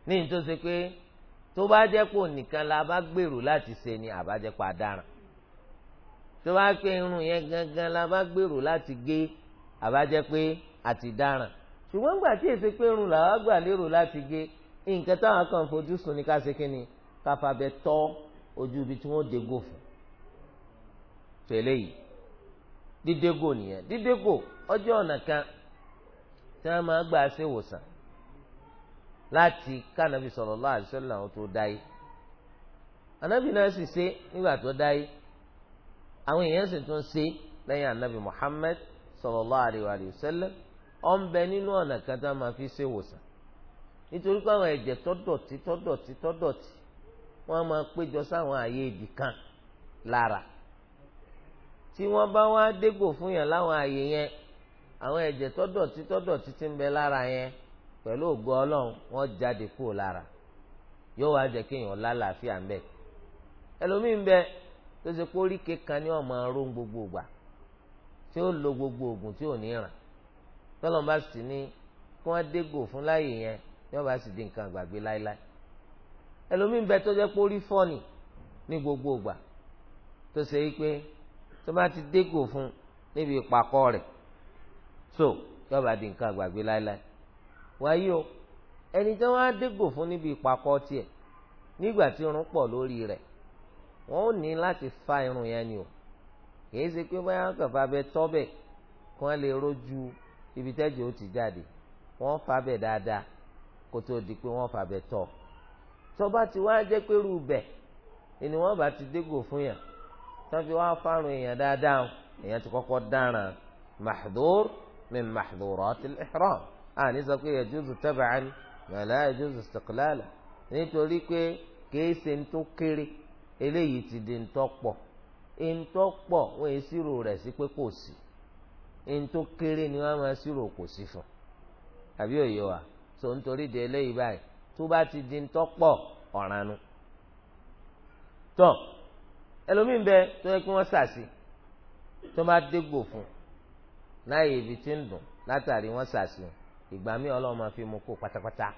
ní ẹni tó ṣe pé tó bá jẹ́ pò nìkan la bá gbèrò láti ṣe ni àbájẹ́pọ̀ àdáràn tó bá pé irun yẹn gangan la bá gbèrò láti gé àbájẹ́pẹ́ àti dáràn ṣùgbọ́n gbà tí èsì pé irun làwọn gbà lérò láti gé nǹkan táwọn kan fojú sùn ní káṣe kínni káfàbẹ tọ́ ojú ibi tí wọ́n dégò fún tẹ̀lé yìí dídégò nìyẹn dídégò ọjọ́ ọ̀nà kan tí wọ́n máa gbà ṣe wòsàn láti kánàbì sallallahu alaihi wasallam àwọn tó dáyé ànábì náà sì ṣe nígbà tó dáyé àwọn èèyàn sì tún ṣe lẹ́yìn ànábì bẹ nínú ọ̀nà kan tí máa fi ṣe wòsàn nítorí pé àwọn ẹ̀jẹ̀ tọ́dọ̀tí tọ́dọ̀tí tọ́dọ̀tí wọn máa péjọ sáwọn àyè kan lára tí bá wá dégbò fún yàn láwọn àyè yẹn àwọn ẹ̀jẹ̀ tó dọ̀tí tó dọ̀tí ti ń bẹ lára yẹn pẹ̀lú ògo ọlọ́run wọ́n jáde kúrò lára yóò wá jẹ́ kéèyàn lálàáfíà ń bẹ ẹlòmíín bẹ tó ṣe pé oríkèé kan ní ọmọ arún gbogbo ìgbà tí ó lo gbogbo oògùn tí ò ní ràn tọ́lọ́n bá sì ní kí wọ́n dégò fún láàyè yẹn ni wọ́n bá sì di nǹkan àgbàgbé láéláé ẹlòmíín bẹ tó jẹ́ pé orí fọ́ọ̀nì ní gbogbo ìgbà tó ṣe é pé tó bá ti dégò fún níbi ìpàkọ́ rẹ̀ so yọba di nǹkan àgbàgbé láéláé wáyé o ẹni tí wọn á dégò fún níbi ìpàkọ́ tiẹ̀ nígbà tí irun pọ̀ lórí rẹ̀ wọn ò ní láti fa irun yẹn ni o kìí ṣe pé báyà kàfà bẹ tọ́bẹ̀ kí wọ́n lè rojú ibi tẹ́jọ́ ó ti jáde wọ́n fa bẹ̀ dáadáa kó tó di pé wọ́n fa bẹ̀ tọ́ tọ́ba ti wá jẹ́ pé rú bẹ̀ ni wọ́n bá ti dégò fún yàn tí wọ́n fi wá fárun èèyàn dáadáa èèyàn ti kọ́kọ́ dáràn mahdur min maḥdúrát al-ihram àní sọ pé yajuzu tab'an wa la yajuzu istiqlalan nítorí pé kìí ṣe ń tó kéré eléyìí ti di ń tọ́ pọ̀ ń tọ́ pọ̀ wọ́n yìí ṣírò rẹ̀ sí pé kò sí ń tó kéré ni wọ́n máa ṣírò kò sí fún àbí òye wa tó ń torí de eléyìí báyìí tó bá ti di ń tọ́ pọ̀ ọ̀ràn nu tọ́ ẹlòmíín bẹ tó yẹ kí wọ́n sàṣì tó bá dégbò fún láàyè ibi tí ń dùn látàrí wọn sàṣì ìgbà míì ọlọ́run máa fi mu kó pátápátá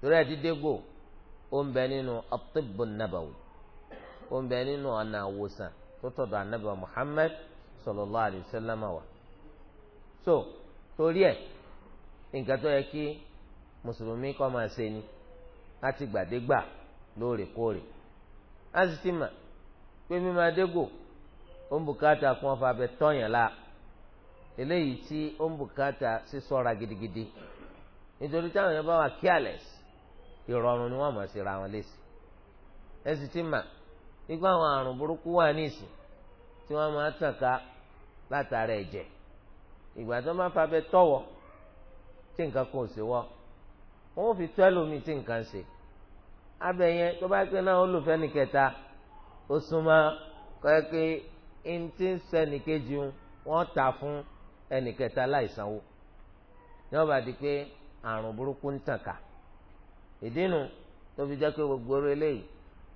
torí ẹ̀ dídé gò ó ń bẹ nínú ọtíbù nàbàwò ó ń bẹ nínú ọ̀nà àwòsàn tó tọ̀dọ̀ ànábà Muhammad sallallahu alaihi wasallam wa so torí ẹ̀ nǹkan tó yẹ kí mùsùlùmí kọ́ máa ṣe ni láti gbàdégbà lóòrèkóòrè á sì mà pé mímọ adégò ó ń bùkátà kún ọfà abẹ tọ́yàn láà eléyìí tí ó ń bùkátà sísọ́ra gidigidi nítorí táwọn èèyàn bá wà careless ìrọ̀rùn ni wọ́n mọ̀ sí ra wọn léṣe ẹ sì ti mà nígbà àwọn àrùn burúkú wà nísìn tí wọ́n máa tàn ká látara ẹ̀jẹ̀ ìgbà tó máa fa bẹ tọ̀wọ̀ tí nǹkan kò sí wọ́ wọ́n fi tọ́ ẹlòmíì tí nǹkan ṣe abẹ yẹn tó bá pẹ́ náà olùfẹ́ nìkẹta ó súnmọ́ kọ́ ẹ pé ẹni tí ń sẹ́nìkejì wọn ta fún ẹnì kẹta láìsanwó yóò bá di pé àrùn burúkú ń tàn ká ìdínú tó fi jẹ́ pé gbogbo orí eléyìí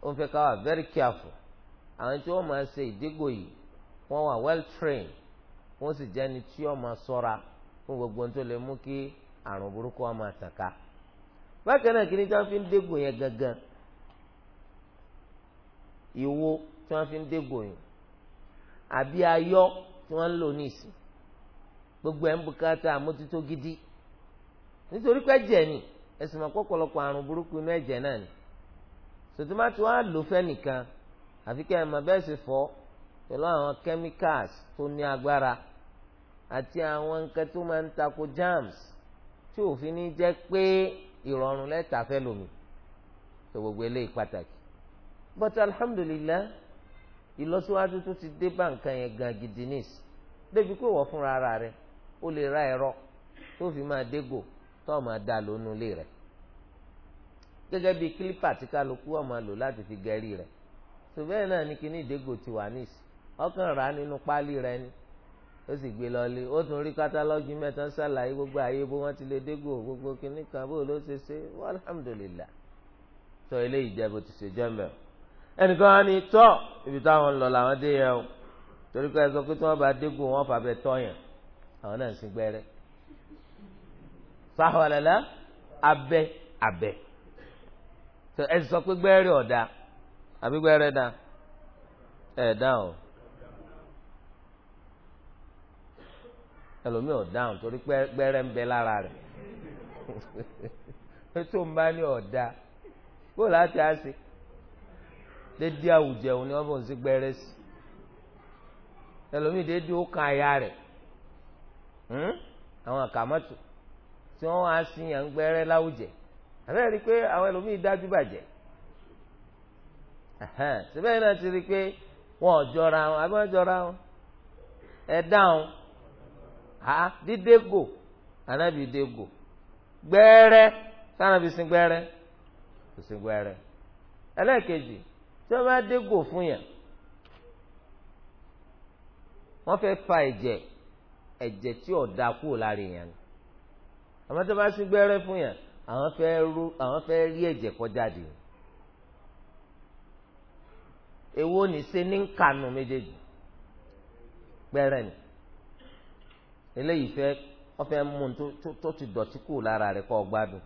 ó ń fẹ́ ká wà very careful àwọn tí wọ́n máa ṣe ìdígò yìí wọ́n wà well trained wọ́n sì jẹ́ ẹni tí wọ́n máa ṣọ́ra fún gbogbo ohun tó lè mú kí àrùn burúkú wọn máa tàn ká bákan náà kí ni tí wọ́n fi ń dégò yẹn gangan ìwo tí wọ́n fi ń dégò yẹn àbí ayọ́ tí wọ́n ń lò ní ìsìn gbogbo ẹ̀ ń bùkátà àmójútó gidi nítorí pé ẹ̀jẹ̀ ni ẹ̀sìn mọ̀ pọ̀pọ̀lọpọ̀ àrùn burúkú inú ẹ̀jẹ̀ náà ni sòtúmátì wàá lò fẹ́ nìkan àfi kẹ́ ẹ̀ mọ̀ bẹ́ẹ̀ sì fọ́ pẹ̀lú àwọn chemicals tó ní agbára àti àwọn nǹkan tó máa ń tako germs tí òfin ní jẹ́ pé ìrọ̀rùn lẹ́tà fẹ́ lómi tó gbogbo eléyìí pàtàkì but alhamdulillah ìlọsíwájú tó ti dé bá nǹkan yẹn gan gidi nìsí débi pé wọ́n fúnra ara rẹ̀ ó lè ra ẹ̀rọ tó fi máa dégò tó máa dá lónú ilé rẹ̀ gẹ́gẹ́ bí kílípà tí kálukú ọ̀ máa lò láti fi gẹ̀rí rẹ̀ sùbẹ́ẹ̀ náà ní kíní ìdégò ti wà níìsì ọkàn rà nínú páálí rẹ̀ ni ó sì gbé lọlé ó tún rí kátálọ́gì mẹ́ta ṣàlàyé gbogbo àyè bó wọ́n ti lè dégò gbogbo kíní kan bó ló ṣe ṣe alhamdulillah tọ́ ilé ìjẹ́bù ti ṣe jẹ́mbẹ̀ ẹnìkan á ní tọ́ ibi táwọn ń lọ làwọn dé yẹn o torí pé ẹ sọ pé tí wọ́n bá dégò wọ́n fàbẹ̀ tọ́ yẹn àwọn náà ń sin gbẹ́rẹ́ abẹ abẹ tó ẹ sọ pé gbẹ́rẹ́ ọdá àbí gbẹ́rẹ́ dá ẹ dá ẹlòmíì ọdá o torí gbẹ́rẹ́ ń bẹ lára ń bá ní ọdá láti á sí dédé àwùjẹun ni wọn bọ ń sí gbẹ́rẹ́ sí ẹlòmíì Hmm? àwọn àkàmọ́tò tí wọ́n á sí ń gbẹ́rẹ́ láwùjẹ àbẹ́rẹ́ rí i pé àwọn ẹlòmíì dájú bàjẹ́ síbẹ̀ náà ti rí pé wọn jọra wọn àbí wọn jọra wọn ẹ dáhùn á dídé gò ànábì dé gò gbẹ́rẹ́ sànàbì sin gbẹ́rẹ́ kò sin gbẹ́rẹ́ ẹlẹ́ẹ̀kejì tí wọ́n bá dé gò fún wọ́n fẹ́ fa ẹ̀jẹ̀ tí ò da kúrò lára èèyàn ni àmọ́ tó bá sí gbẹ́rẹ́ fún yàn àwọn fẹ́ rú àwọn fẹ́ rí ẹ̀jẹ̀ kó jáde èwo ní ṣe ní kànú méjèèjì gbẹ́rẹ́ ni eléyìí fẹ́ wọ́n fẹ́ mú un tó ti dọ̀tí kúrò lára rẹ̀ kó gbádùn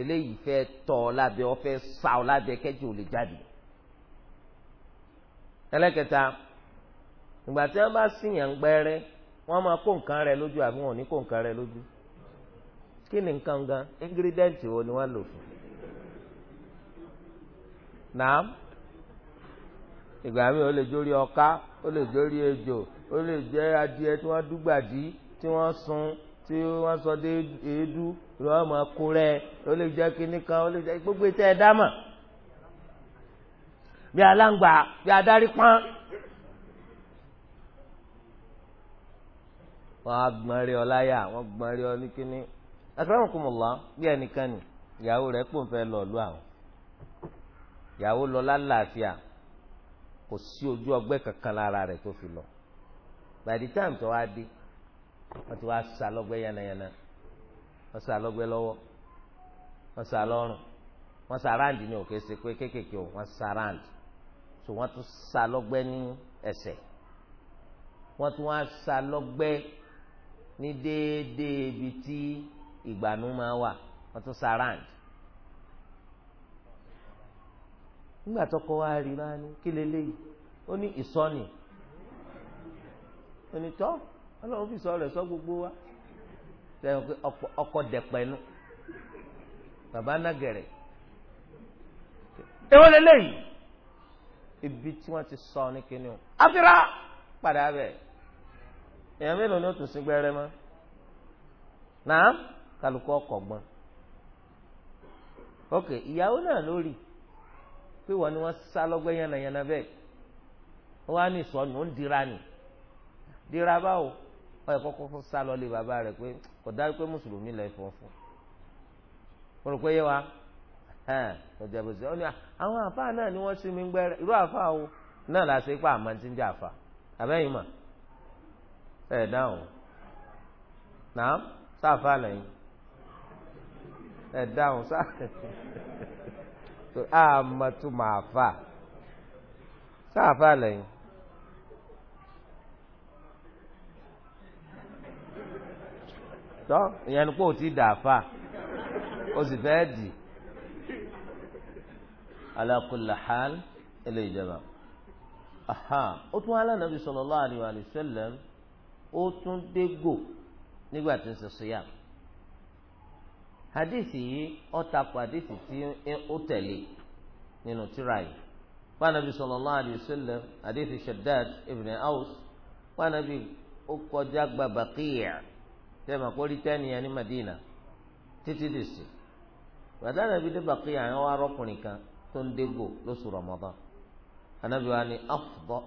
eléyìí fẹ́ tọ́ ọ lábẹ́ ọ sa ọ lábẹ́ kẹ́jì ò lè jáde ẹlẹ́kẹta ìgbà tí wọ́n bá síyàn gbẹ́rẹ́ wọ́n máa kó nǹkan rẹ̀ lójú àbí wọn ò ní kó nǹkan rẹ̀ lójú kí ni nǹkan gan ingredient wo ni wọ́n lò fún naam ìgbà mi ò lè jórí ọká ó lè jórí ejò ó lè jẹ adìẹ tí wọ́n dúgbàdì tí wọ́n sun tí wọ́n sọ dé èédú wọ́n máa kó rẹ̀ ó lè jẹ kíní kan ó lè jẹ gbogbo iṣẹ́ ẹ dámà bí aláǹgbà bí adarí pọ́n. wọ́n á gbọ́n rí ọ láyà wọ́n gbọ́n rí ọ ní kíní. akramakumullah bí ẹnìkan nì ìyàwó rẹ̀ pò ń fẹ́ lọ lù àwọn ìyàwó lọ lálàáfíà kò sí ojú ọgbẹ́ kankan lára rẹ̀ tó fi lọ by the time tó wá dé wọ́n ti wá sá lọ́gbẹ́ yánnayànna wọ́n sá lọ́gbẹ́ lọ́wọ́ wọ́n sá lọ́rùn wọ́n sá ráǹdì ní òkè ṣe pé kéékèèké o wọ́n sá ráǹdì so wọ́n tún sá lọ́gbẹ́ ní ẹsẹ̀ wọ́n tún wá sá lọ́gbẹ́ ní déédéé ibi tí ìgbànú máa wà wọ́n tún sarand nígbà tó kọ́ wá rí bá ní kí leléyìí ó ní ìsọ́nì onítọ́ ọlọ́run fi sọ rẹ̀ sọ gbogbo wa sẹ́yìn pé ọkọ̀ dẹ̀pẹ̀nu bàbá nàgẹ̀rẹ̀ èwo leléyìí ibi tí wọ́n ti sọ ní kíni o àfírà padà bẹ́ẹ̀. èèyàn mélòó ni ó tún sí ma na náà kálukú ọkọ ok ìyàwó náà lórí pé wọ́n ni wọ́n sá lọ́gbẹ́ yanayana bẹ́ẹ̀ wọ́n á ní ìsọnù ó ń dira dira báwo kọ́kọ́ fún sá lọ lé bàbá pé kò dájú pé mùsùlùmí fún mo rò pé yé wa ọjà bòsí náà ni wọ́n sí mi irú àfa wo náà la ṣe pé àmọ́ ti ń ẹ dáhùn náà sáfà lẹ́yìn ẹ dáhùn sáfà àmọtúmọ àfà sáfà lẹ́yìn. tọ́ ìyẹn ni pé ò ti dà fà ó sì fẹ́ dì ala kulli hal ilé ìjọba ó tún alẹ́ nàbì sallallahu alaihi wa sallam ó tún dé gò nígbà tó ń ṣe siyam hadisi yìí ó takò hadisi tí ó tẹ̀lé nínú tírà yìí pàànàbí sallallahu alayhi wa sallam hadisi Shaddad ibn Aws pàànàbí ó kọjá gba Baqi' tẹ́lẹ̀ kó rí tẹ́niyàn ní Madina títí dì sí bàtà nàbí dé Baqi' àwọn arọ́kùnrin kan tó ń dégò lóṣù Ramadan anabi wa ni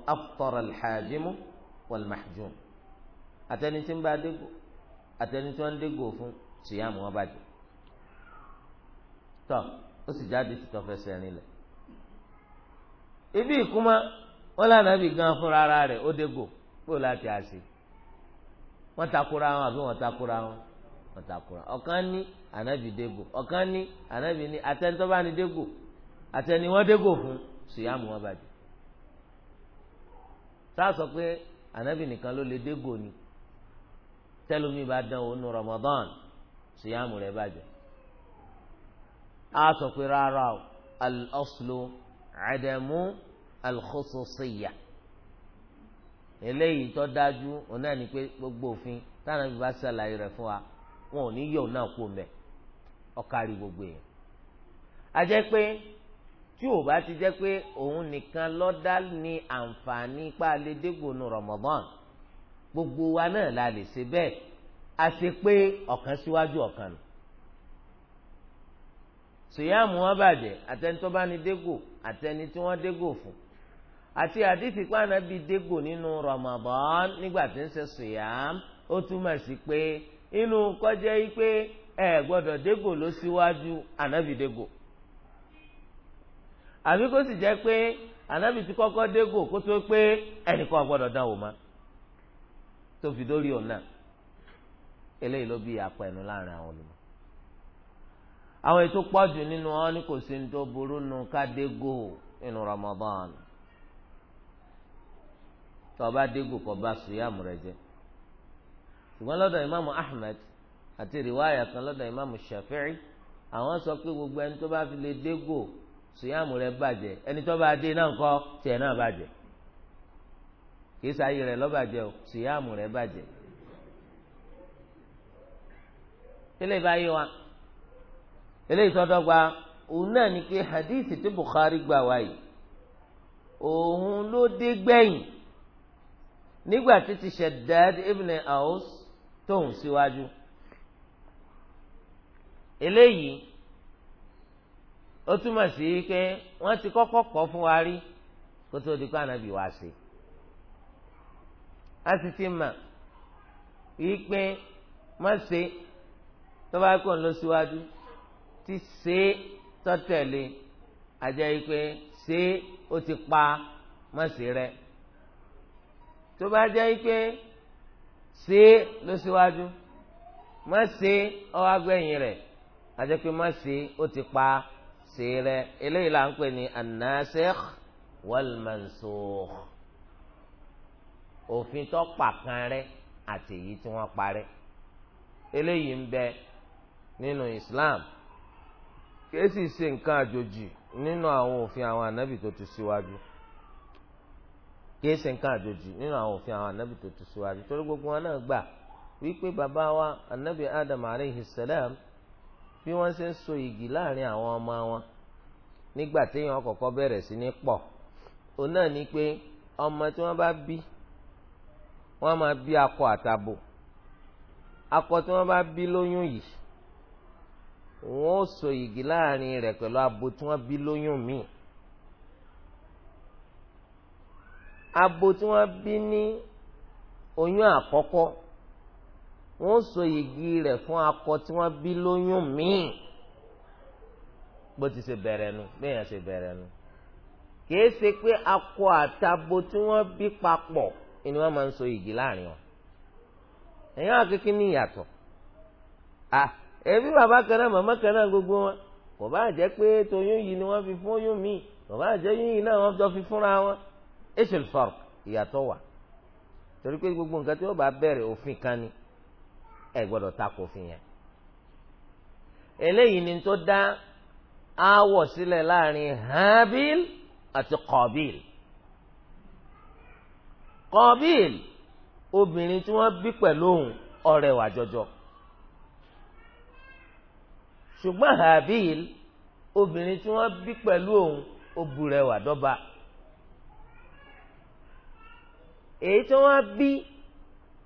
aftara alhajimu àtẹni tí ń bá dégò àtẹni tí wọ́n ń dégò fún síyàmù wọn bàjẹ́ tọ́ ó sì jáde títọ́ fẹsẹ̀ rinlẹ̀ ibi ìkúmá wọn lànà bí gan fúnra ara rẹ̀ ó dégò kúrò láti àṣì wọ́n takora wọn àbí wọ́n takora wọn wọ́n takora ọ̀kan ní ànábì dégò ọ̀kan ní ànábì ní àtẹni tó bá ní dégò àtẹni wọ́n dégò fún síyàmù wọn bàjẹ́ sáà sọ pé ànábì nìkan ló lè dégò ni tẹ́lómi bá dán o nu Ramadan síyàmù rẹ̀ bàjẹ́ a sọ pé rárá o al-aslu adamu al-khususiyya eléyìí tó dájú òun náà ni pé gbogbo òfin táwọn ibi bá ṣàlàyé rẹ̀ fún wa wọn ò ní yọ òun náà kó mẹ́ ọkàrí gbogbo yẹn a jẹ́ pé tí ò bá ti jẹ́ pé òun nìkan lọ́dá ní àǹfààní pa lè dégbò Ramadan gbogbo wa náà la lè ṣe bẹ́ẹ̀ a ṣe pé ọ̀kan síwájú ọ̀kan nù sèyáàmù wọn bàjẹ́ àtẹni tó bá ní dégò àtẹni tí wọ́n dégò fún àti àdìsí pàànà bíi dégò nínú Ramadan nígbà tí ń ṣe sèyáàmù ó túmọ̀ sí pé inú kọjá yìí pé ẹ gbọ́dọ̀ dégò ló síwájú ànábì dégò àbí kó sì jẹ́ pé ànábì ti kọ́kọ́ dégò kó tó pé ẹnìkan gbọ́dọ̀ dán máa tó fi dórí òun náà eléyìí ló bí apẹ̀nu láàrin àwọn olùmọ̀ àwọn ètò pọ̀jù nínú wọn ni kò sí ní tó burú nu kádégò nínú Ramadan tọba dégò kò bá sùyàmù rẹ̀ jẹ́ ṣùgbọ́n lọ́dọ̀ imaamu Ahmed àti riwaya kan lọ́dọ̀ imaamu Shafi'i àwọn sọ pé gbogbo ẹni tó bá fi lè dégò sùyàmù rẹ̀ bàjẹ́ ẹni tó bá dé náà kọ́ tiẹ̀ náà bàjẹ́ kìí sáyé rẹ̀ lọ́bàjẹ́ o síyáàmù rẹ̀ bàjẹ́ tẹ́lẹ̀ báyìí wa eléyìí tọ́dọ̀ òun náà ni pé hadith tí Bukhari gbà wáyé òun ló dé gbẹ̀yìn nígbà tí ti Shaddad ibn Aws tóun síwájú eléyìí ó túmọ̀ sí pé wọ́n ti kọ́kọ́ kọ́ fún wa rí kó tó di kó ànábì wá sí i a sì ti mà yìí pé má ṣe tó bá kàn lọ síwájú ti ṣe tọ́tẹ̀lé àjẹ́ yìí pé ṣe ó ti pa má ṣe rẹ tó bá jẹ́ yìí lọ síwájú má ṣe ọwọ́ agbẹ̀yìn rẹ̀ àjẹ́ pé má ṣe ó ti pa ṣe rẹ eléyìí là ń pè ní an-nasikh òfin tó pàkan rẹ àti èyí tí wọn parẹ́ eléyìí ń bẹ nínú Islam kéésì ṣe nǹkan àjòjì nínú àwọn òfin àwọn ànábì tó ti síwájú kéésì nǹkan àjòjì nínú àwọn òfin àwọn ànábì tó ti síwájú torí gbogbo wọn náà gbà wípé bàbá wa ànábì Adam aleyhi salam bí wọn ṣe ń so igi láàrin àwọn ọmọ wọn nígbà téèyàn kọ́kọ́ bẹ̀rẹ̀ sí ní pọ̀ òun náà ni pé ọmọ tí wọn bá bí wọ́n máa bí akọ àtàbò akọ tí wọ́n bá bí lóyún yìí wọ́n ó so igi láàrin rẹ̀ pẹ̀lú abo tí wọ́n bí lóyún míì abo tí wọ́n bí ní oyún àkọ́kọ́ wọ́n so igi rẹ̀ fún akọ tí wọ́n bí lóyún míì bó ti ṣe bẹ̀rẹ̀ nu bẹ́ẹ̀ yẹn ṣe bẹ̀rẹ̀ nu kìí ṣe pé akọ àtabo tí wọ́n bí papọ̀ ni wọ́n máa ń so igi láàrin wọn èèyàn akékin ní ìyàtọ̀ à ẹbí bàbá kan náà màmá kan náà gbogbo wọn kò bá jẹ́ pé toyún yìí ni wọ́n fi fún oyún míì kò bá jẹ́ yún yìí náà wọ́n jọ fi fúnra wọn èsì sọ̀rọ̀ ìyàtọ̀ wà torí pé gbogbo nǹkan tí wọ́n bá bẹ̀rẹ̀ òfin kan ni ẹ gbọ́dọ̀ takò òfin yẹn eléyìí ni tó dá aáwọ̀ sílẹ̀ láàrin Habil àti Qabil. Qabil obìnrin tí wọ́n bí pẹ̀lú òun ọ̀rẹ́ wà jọjọ ṣùgbọ́n Habil obìnrin tí wọ́n bí pẹ̀lú òun ó burẹwà dọ́ba èyí tí wọ́n bí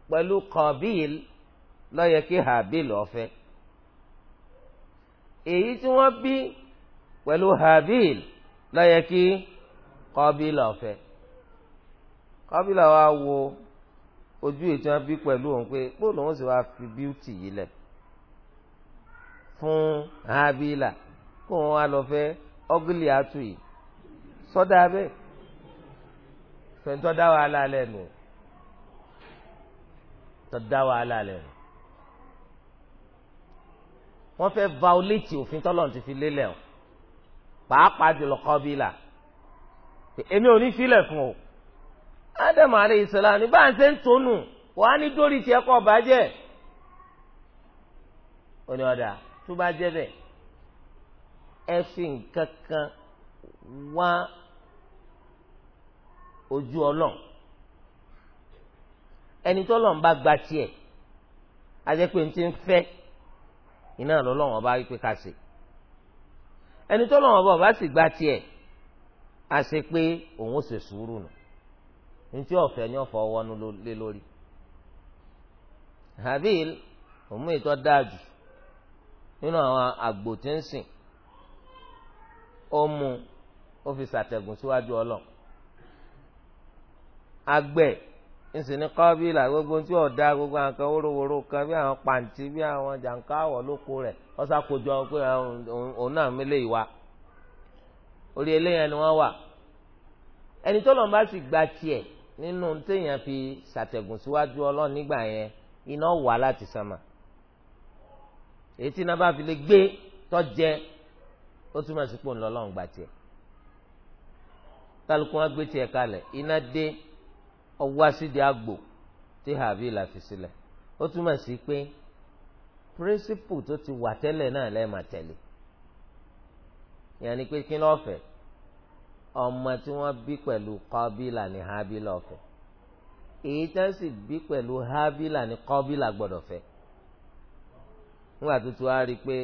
pẹ̀lú Qabil ló kí Habil ó èyí tí wọ́n bí pẹ̀lú Habil ló kí Qabil ó kábílà wa wo ojú ètò wọn bí pẹ̀lú òun pé bóun lòun sì wáá fi bíútì yìí lẹ̀ fún hábílà kó wọn wá lọ fẹ́ ọ́gìlì àtù yìí sọ́dà abẹ́ fẹ̀ntọ́ dá wàhálà lẹ́nu tọ́ wàhálà lẹ́nu wọ́n fẹ́ violate òfin tọ́lọ́run ti fi lélẹ̀ o pàápàá jùlọ kọ́bílà èmi ò ní sílẹ̀ fún o ádámù aleyhi sàlám ní bá ń ṣe ń tónù wàá ní dórí tiẹ̀ kọ́ bàjẹ́ ó ní ọ̀dà tó bá jẹ́ bẹ́ẹ̀ ẹ fi nǹkan kan wá ojú ọlọ́run ẹni tó lọ́n bá gba tiẹ̀ ajẹ́pẹ́ ní ti ń fẹ́ iná lọ́lọ́run ọba wípé ká ṣe ẹni tó lọ́n ọba ọba sì gba tiẹ̀ àṣepé òun ó ṣe sùúrù nù ntí ọ̀fẹ́ ni ọ̀fọ̀ wọnú lé lórí habil òmù ìtọ́ dáàjù nínú àwọn àgbò tí ń sìn ó mu ó fi ṣàtẹ̀gùn síwájú ọlọ́run agbẹ́ nsì ní kọ́bílà gbogbo tí ọ̀dà gbogbo àwọn kan wórówóró kan bí àwọn pàǹtí bí àwọn jàǹkáwọ̀ lóko rẹ̀ ọ̀sàkójọ pé òun náà mi lè wá orí eléyàn ni wọ́n wà ẹni tó lọ́n bá sì gba tiẹ̀ nínú téèyàn fi ṣàtẹ̀gùn síwájú ọlọ́run nígbà yẹn iná wà láti sama èyí tí iná bá fi lè gbé tọ́jẹ ó túmọ̀ sí pò ń lọ lọ́run gbà tiẹ̀ kálukú wọn gbé tiẹ̀ kalẹ̀ iná dé ọwọ́ sídìí àgbò tí fi sílẹ̀ ó túmọ̀ sí pé ti wà tẹ́lẹ̀ náà lẹ́ẹ̀ma tẹ̀lé yẹn ni pé kí ọmọ tí wọ́n bí pẹ̀lú kọ́bílà ní hábílà ọ̀fẹ́ èyí tí wọ́n sì bí pẹ̀lú hábílà ní kọ́bílà gbọ́dọ̀ fẹ́ nígbà tó ti wá rí i pé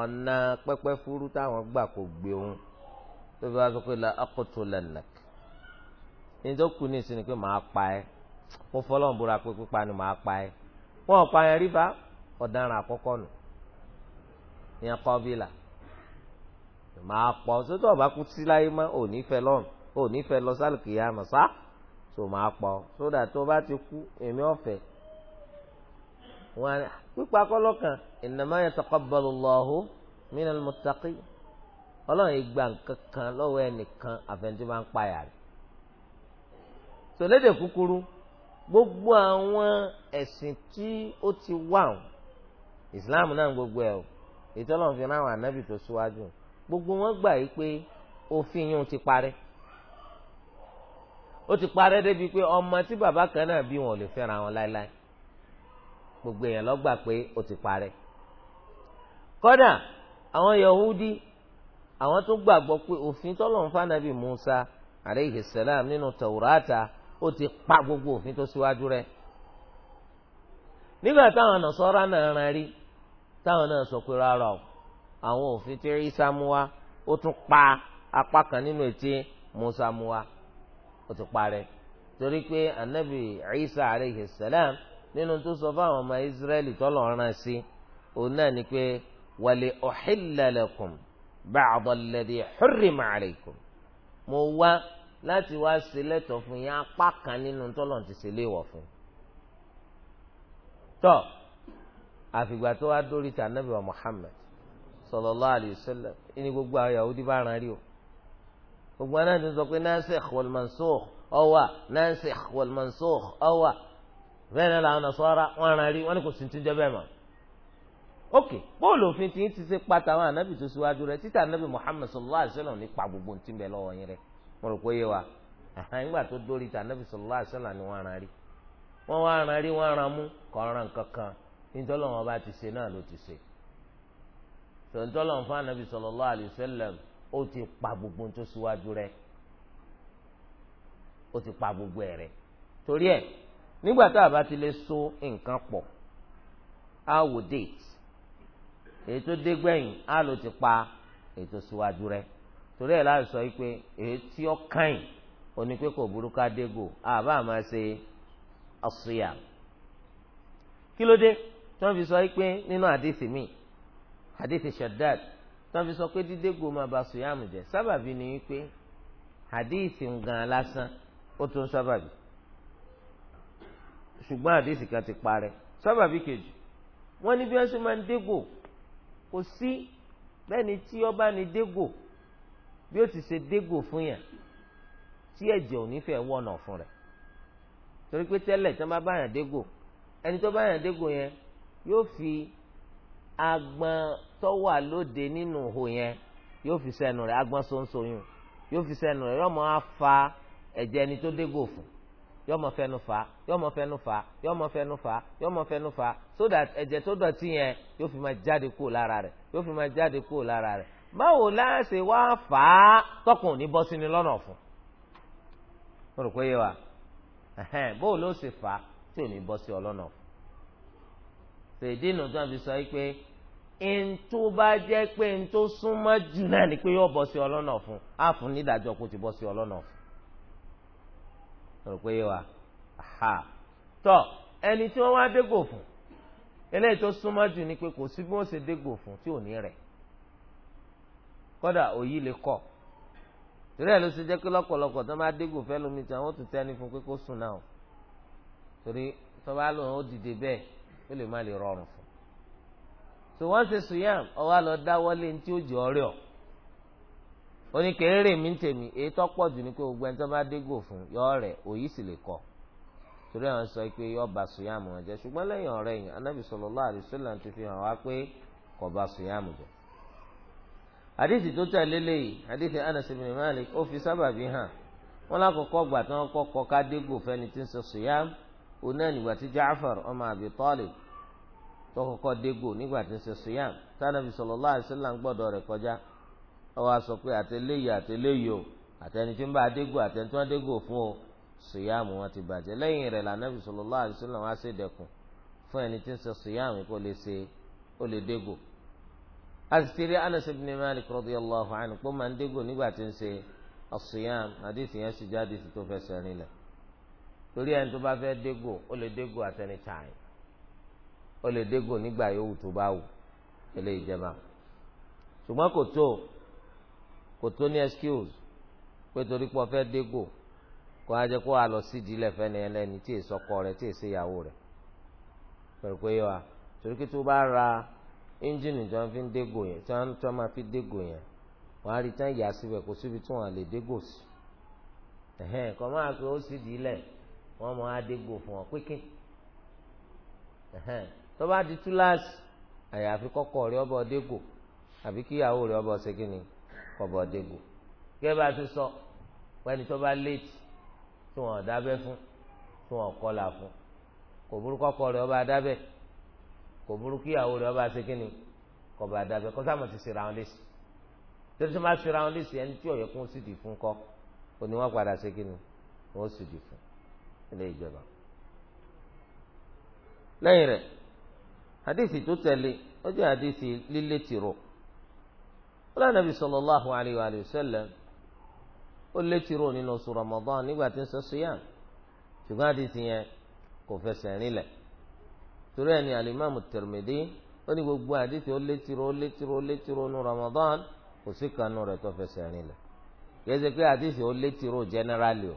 ọ̀nà pẹ́pẹ́ fúrú táwọn gbà kò gbé òun tó fi wá sọ pé la ọkọ̀tò lẹ́nàk ní tó kù ní ìsinmi pé màá pa ẹ́ mo fọlọ́n búra pé pípa ni màá pa ẹ́ wọ́n pa ẹ́ rí bá ọ̀daràn àkọ́kọ́ nù ìyẹn kọ́bílà màá pọ̀ sótò ọba kú sí láyé mọ́ ò ní fẹ́ lọ́run ò ní fẹ́ lọ sálùkì yá mọ̀ sá tó màá pọ̀ sódà tó bá ti kú èmi ọ̀fẹ́ wọn ni pípa kọ́lọ́kàn innama yataqabbalu Allahu minal muttaqin ọlọ́run ìgbà kankan lọ́wọ́ ẹnìkan àfẹnjú máa ń payà rẹ̀ tòlédè kúkúrú gbogbo àwọn ẹ̀sìn tí ó ti wà Islam náà gbogbo ẹ̀ o ìtọ́lọ́run náà wà nábì tó síwájú gbogbo wọn gbà yìí pé òfin yìí ti parẹ́ ó ti parẹ́ débi pé ọmọ tí bàbá kan náà bí wọn ò lè fẹ́ra wọn láéláé gbogbo èèyàn ló gbà pé ó ti parẹ́ kódà àwọn Yahudi àwọn tó gbàgbọ́ pé òfin tọ́lọ̀ ń fànàbí Musa aleyhi salam nínú Taurata ó ti pa gbogbo òfin tó síwájú rẹ̀ nígbà táwọn Nasara náà rán rí táwọn náà sọ pé rárá o àwọn òfin tí Ìsá mú wá ó tún pa apá kan nínú ètí Mùsá mú wá ó ti parẹ́ torí pé anabi Ìsá alayhi salam nínú tó sọ fáwọn ọmọ Israẹli tọ́lọ̀ rán sí òun náà ni pé wàlẹ̀ uhilla lakum ba'da alladhi hurrima alaykum mo wá láti wá ṣe fún yín apá kan nínú tọ́lọ̀ ti ṣe léèwọ̀ fún yín àfìgbà tó wá dórí ti anabi wa Muhammad sallallahu alayhi wa sallam ẹni gbogbo àwọn Yahudi bá ara rí o gbogbo àwọn náà ti sọ pé nasikh wal mansukh ọwà nasikh wal mansukh ọwà bẹ́ẹ̀ náà làwọn Nasara wọn ara rí wọn ni kò sì ti jẹ́ bẹ́ẹ̀ mọ́ ok bóòlù òfin tí ń ti ṣe pata àwọn anabi tó síwájú rẹ títà anabi Muhammad sallallahu alayhi wa sallam gbogbo ntí bẹ lọ́wọ́ yín rẹ mo rò pé yé wa nígbà tó dórí ta anabi sallallahu alayhi ni wọn ara rí wọn wá ara rí wọn ara mú kọ tòǹtọ́lọ̀ ń fún anabi sallallahu alayhi wa sallam ó ti pa gbogbo tó síwájú rẹ̀ ó ti pa gbogbo ẹ̀ rẹ̀ torí ẹ̀ nígbà a bá ti lè so nǹkan pọ̀ a wò date èyí tó dé gbẹ̀yìn a ló ti pa èyí tó síwájú rẹ̀ torí ẹ̀ láti sọ pé èyí tí ó kàn yìí oní pé kò burúkú adégò àbá máa ṣe ọ̀ṣùyà kí ló dé tí wọ́n fi sọ pé nínú àdìsí míì hadithi shaddad tó fi sọ pé dídé goma ba suyam jẹ sábàbí ni wípé hadithi ngan lásán ó tún sábàbí ṣùgbọ́n hadithi kan ti parẹ́ sábàbí kejì wọ́n ní bí wọ́n ṣe máa ń dégò kò sí bẹ́ẹ̀ni tí ọba ni dégò bí ó ti ṣe dégò fún yàn tí ẹ̀jẹ̀ ò ní fẹ́ wọ̀nà fún rẹ̀ torí pé tẹ́lẹ̀ tí wọ́n bá báyàn dégò ẹni tó báyàn dégò yẹn yóò fi agbọn tó wà lóde nínú ihò yẹn yóò fi sẹ́nu rẹ̀ agbọ́n yóò fi senu rẹ̀ yóò máa fa ni tó dégò fún yóò fẹnu fà yóò fẹnu so that eje tó dọ̀tí yẹn yóò fi máa jáde kúrò lára rẹ̀ fi máa jáde kúrò lára rẹ̀ báwo la wa báwo ló ṣe fà á tí ò ní ọlọ́nà fún ntó bá jẹ́ pé ntó súnmọ́ jù náà ni pé yóò bọ́ sí ọlọ́nà fún á fún nídàájọ́ kó ti bọ́ sí ọlọ́nà fún. rò pé yé tọ ẹni tí wọ́n wá dégò fún eléyìí tó súnmọ́ jù ni pé kò sí bí wọ́n ṣe dégò fún tí ò ní rẹ̀ kódà òyì lè kọ̀ torí ẹ̀ ló ṣe jẹ́ pé lọ́pọ̀lọpọ̀ tó máa dégò fẹ́ lómi tí àwọn tó tẹ́ni fún pé kó sùn náà torí tó bá lòun ó dìde bẹ́ẹ̀ ó lè má lè rọrùn fún tí wọ́n ṣe sùyàm ọwọ́ lọ dáwọ́lé ní tí ó jẹ́ ọ̀rẹ́ ọ̀ oníkèrè mi ń tèmi èyí tó pọ̀ jù ní pé gbogbo ẹni tó bá dégò fún yọ rẹ̀ òyì sì lè kọ́ torí àwọn sọ pé yọ ba sùyàm wọn jẹ ṣùgbọ́n lẹ́yìn ọ̀rẹ́ yìí anábì ti fi hàn wá pé kò ba àdìsí tó tẹ̀lé léyìí àdìsí ó fi hàn wọn lákòókò gbà tí dégò fẹ́ni tí tó kọ́kọ́ dégò nígbà tí ń ṣe siyam tánàbí sallallahu alaihi wasallam gbọ́dọ̀ rẹ̀ kọjá ọwọ́ a sọ pé àtẹlẹ́yìí àtẹlẹ́yìí o àtẹni tí ń bá dégò àtẹni tí wọ́n dégò fún o siyam wọn ti bàjẹ́ lẹ́yìn rẹ̀ lànàbí sallallahu alaihi wasallam wá ṣe dẹ̀kùn fún ẹni tí ń ṣe siyam kó lè ṣe ó lè dégò asitiri Anas ibn Malik radiyallahu anhu kó máa ń dégò nígbà tí ń ṣe as-siyam àdìsí yẹn sì jáde tó fẹsẹ̀ rinlẹ̀ torí ẹni tó bá fẹ́ dégò ó lè dégò at any ó lè dégò nígbà yòówù tó bá wù ilé ìjẹba ṣùgbọ́n kò tó kò tó ní excuse pé torí pé ọfẹ́ dégò kó a jẹ kó a lọ sídìí lẹ́fẹ́ ni ẹlẹ́ni tí èso ọkọ rẹ̀ tí èso ìyàwó rẹ̀ pẹ̀lú pé yọ wa torí pé tó bá ra ẹ́ńjìnì tí wọ́n fi ń dégò yẹn tí wọ́n tí wọ́n máa fi dégò yẹn wọ́n á rí tán yà síbẹ̀ kó síbi tí wọ́n lè dégò sí kọ́ máa pé ó sídìí lẹ̀ wọ́n máa dégò fún ọ pínpín tó bá di túláàsì àyàfi kọ́kọ́ rẹ̀ ọbọ̀ dégò àbí kíyàwó rẹ̀ ọbọ̀ ṣẹ́gínì ọbọ̀ dégò gẹ́gẹ́ bá a ti sọ pẹ́ni tó bá léètì tí wọ́n dábẹ́ fún tí wọ́n kọ́là fún kò burú kọ́kọ́ rẹ̀ ọba dábẹ́ kò burú kíyàwó rẹ̀ ọba ṣẹ́gínì kọba dábẹ́ kọ́ sáà mọ̀ ti ṣèrà wọn lẹ́sì tẹ́lẹ̀ tó máa ṣèrà wọn lẹ́sì ẹni tí ọ̀yọ́ sì dì fún kọ́ òní wọ́n padà ṣẹ́gínì wọ́n sì dì fún ilé ìjọba lẹ́yìn rẹ̀ hadisi tó tẹ̀lé ó jẹ́ hadisi lílé tìró ó lẹ́nu nàbì sallallahu alayhi wa sallam ó lé tìró nínú oṣù Ramadan nígbà tí ń sọ siyam ṣùgbọ́n hadisi yẹn kò fẹsẹ̀ rinlẹ̀ torí ẹni alimami Tirmidhi ó ní gbogbo hadisi ó lé tìró ó lé tìró ó lé tìró nínú Ramadan kò sí kanú rẹ̀ tó fẹsẹ̀ rinlẹ̀ yẹ ṣe pé hadisi ó lé tìró generally o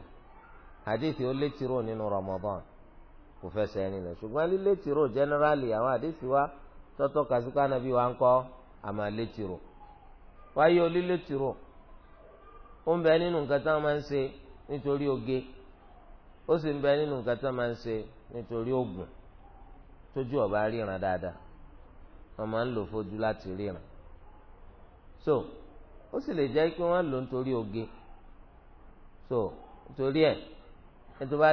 hadisi ó lé tìró nínú Ramadan. kò fẹsẹ̀ rinlẹ̀ ṣùgbọ́n lílé tìró jẹ́nẹ́rálì àwọn àdéṣì tọ́tọ́ kàṣíkà nàbí wa ń kọ́ àmà lé wáyé olílé ó ń bẹ nínú nǹkan tí wọ́n máa oge ó sì ń bẹ nínú nǹkan ma wọ́n máa ń ṣe nítorí oògùn tójú ọba ríran dáadáa wọ́n máa ń lò fojú láti so ó sì lè jẹ́ pé wọ́n lò n'itori oge so nítorí ẹ̀ ẹ̀ tó bá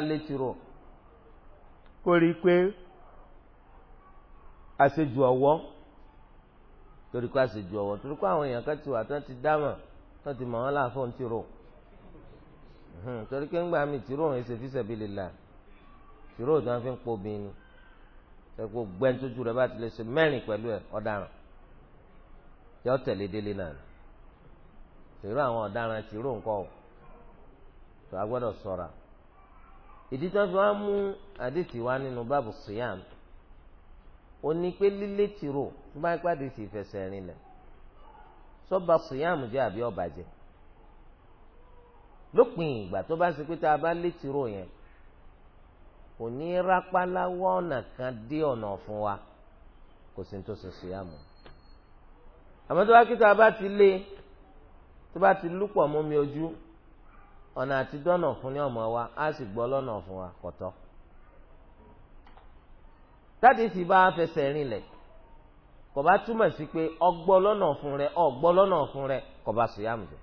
kó rí i pé àṣejù ọ̀wọ́ torí pé àṣejù ọ̀wọ́ torí pé àwọn èèyàn kan ti wà tó ti dámọ̀ tó ti mọ̀ wọ́n láàfọ̀ ń ti rò torí pé ńgbà mi tìrò òun ṣe fíṣẹ̀ bí lè là tìrò òun tí wọ́n fi ń po obìnrin ẹ̀kọ́ gbẹ́ntójú rẹ̀ bá ti lè ṣe mẹ́rin pẹ̀lú ẹ̀ ọ̀daràn yọ tẹ̀lé délé náà tìrò àwọn ọ̀daràn tìrò ńkọ́ ò tó a gbọ́dọ̀ sọ̀ra ìdí tó fi wá mú àdìsí wá nínú báàbù siyam ó ní pé lílé tìrò tó bá ipá àdìsí ìfẹsẹ̀ rìn lẹ̀ sọ́ba siyam jẹ́ àbí ó bàjẹ́ lópin ìgbà tó bá ṣe pé tá a bá lé tìrò yẹn kò ní rápálá wọ́n ọ̀nà kan dé ọ̀nà fún wa kò sí tó ṣe siyam àmọ́ tó bá kí tá a bá ti lé tó bá ti lúpọ̀ mọ́ mi ojú ọ̀nà àtidọ́nà fún ní ọmọ wa á sì gbọ́ lọ́nà fún wa kọ̀tọ́. táàdì sì bá fẹsẹ̀ rinlẹ̀ kò bá túmọ̀ sí pé ọgbọ́ lọ́nà fún rẹ ọgbọ́ lọ́nà fún rẹ kò bá sùn yàmùjẹ.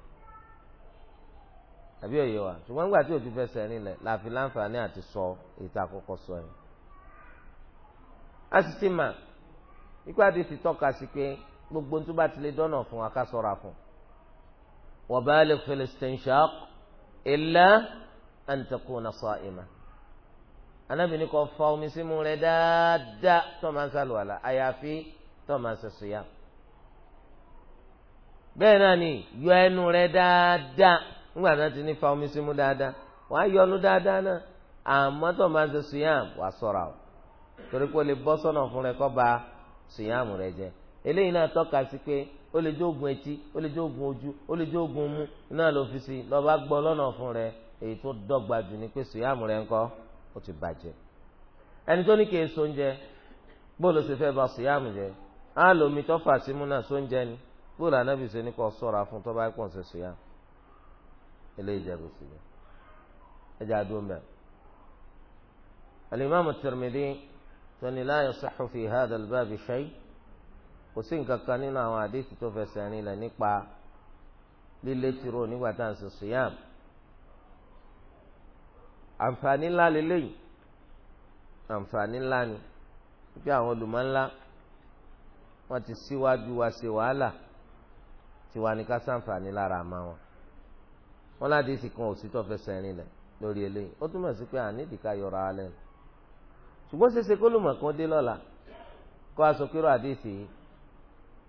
àbí òye wa ṣùgbọ́n nígbà tí òtún fẹsẹ̀ rinlẹ̀ la fi láǹfààní àti sọ ètò àkọ́kọ́ sọ yẹn. a sì ti mà ikú àti ti tọ́ka sí pé gbogbo tó bá ti lè dọ́nà fún wa ká sọ̀ra fún. wa baligh illa an takuna sa'ima anábì ní kó fa omi símú rẹ dáadáa tó máa ń sàlùwàlà àyàfi tó máa ń sẹ̀sọ̀ yá bẹ́ẹ̀ náà ni yọ ẹnu rẹ̀ dáadáa ńgbà náà ti ní fa omi símú dáadáa wàá yọnu dáadáa náà àmọ́ tó máa ń ṣe wàá sọ̀rọ̀ àwọn torí pé o lè bọ́ sọ́nà fún rẹ kó ba sùyàm rẹ jẹ eléyìí náà tọ́ka sí pé ó lè jógun etí ó lè jógun ojú ó lè jógun mú náà ló fi sí lọ́ba gbọ́ lọ́nà fún rẹ èyí tó dọ́gba jù ní pé sùyàmù rẹ ńkọ́ ó ti bàjẹ́ ẹni tó ní kí èso oúnjẹ bóòlù sì fẹ́ ba sùyàmù jẹ á lomi tó fà símú náà sóúnjẹ ni bóòlù anábì sọ ní sọ̀rọ̀ fún tó bá pọ̀ sí sùyàmù eléyìí jẹ́ kó sì ẹjẹ́ àdó mẹ́. الإمام الترمذي قال لا يصح في هذا الباب شيء kò sí nǹkan kan nínú àwọn àdéhùn tó fẹsẹ̀ rinlẹ̀ nípa lílé tìró nígbà tá à ń sọ sùyàm àǹfààní ńlá lélẹ́yìn àǹfààní ńlá ni bí àwọn olùmọ̀ ńlá wọ́n ti síwájú wa ṣe wàhálà tiwa ni ká sàǹfààní lára àmà wọn wọn láti sì kan òsítọ́ fẹsẹ̀ rinlẹ̀ lórí eléyìí ó túmọ̀ sí pé ànídìí ká yọra alẹ́ nu ṣùgbọ́n ṣeṣe kó lùmọ̀ kan dé lọ́la kó a sọ àdéhùn yìí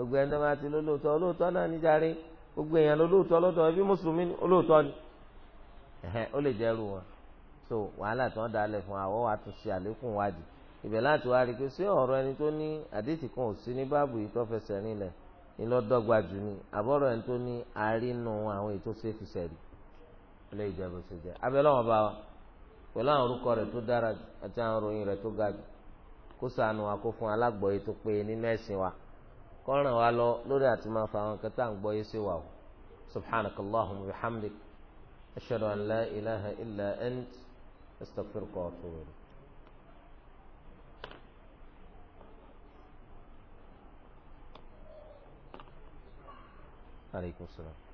gbogbo ẹni tó bá ti lólóòótọ́ olóòótọ́ náà níjàre gbogbo èèyàn lólóòótọ́ lọ́dọ̀ ẹbí mùsùlùmí olóòótọ́ ni ẹ̀hẹ́n ó lè jẹ́rù wọn so wàhálà tí wọ́n dalẹ̀ fún àwọ̀ wa tún ṣe àlékún wádìí ibẹ̀ láti wá rí i pé ṣé ọ̀rọ̀ ẹni tó ní àdéhìí kan ò sí ní báàbù yìí tó fẹsẹ̀ rinlẹ̀ ni lọ́dọ́gba jù ni àbọ̀rọ̀ ẹni tó ní àárínú àwọn ètò ṣe fi ṣẹ̀rí ilé ìjọba jẹ́ abẹ́lọ́wọ̀n bá wa قلنا والو لولا تما فاهم كتان بوي سوا سبحانك اللهم وبحمدك أشهد أن لا إله إلا أنت أستغفرك وأتوب إليك عليكم السلام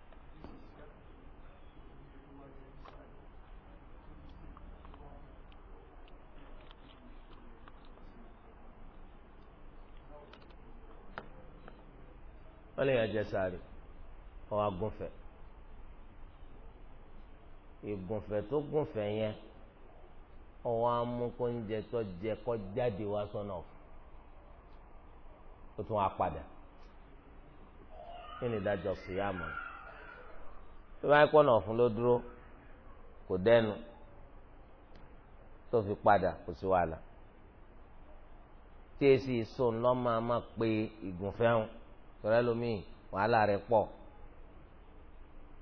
wọ́n lè yàn jẹ sáré ọwọ́ agúnfẹ̀ ìgúnfẹ̀ tó gúnfẹ̀ yẹn ọwọ́ amúkóúnjẹ tó jẹ kó jáde wá sọ́nà ó tún wá padà kí ni ìdájọ́ síyàmù tó bá ń ọ̀fun ló dúró kò dẹ́nu tó fi padà kò sí wàhálà tí èsì máa pe ìgúnfẹ́ hàn. tọ́lá lomi wàhálà rẹ̀ pọ̀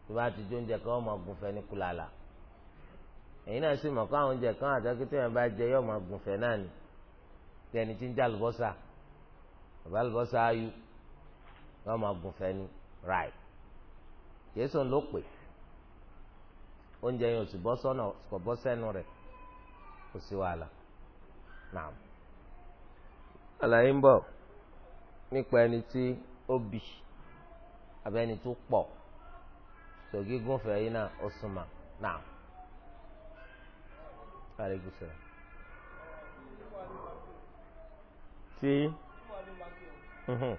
tó bá ti jó oúnjẹ kan ọmọ gùnfẹ́ ní kulala èyí náà sì mọ̀ kó àwọn oúnjẹ kan àtàkìtì yẹn bá jẹ yọ ọmọ gùnfẹ́ náà ni tí ẹni tí ń já àlùbọ́sà bàbá àlùbọ́sà ayú yọ ọmọ gùnfẹ́ ní ráì jésù ló pè oúnjẹ yẹn ò sì bọ́ sọ́nà kò bọ́ sẹ́nu rẹ̀ kò sí wàhálà náà àlàyé ń bọ̀ nípa ẹni tí. obi bì abẹ́ni tó pọ̀ sọ̀gí gúnfẹ̀ yìí náà ó náà.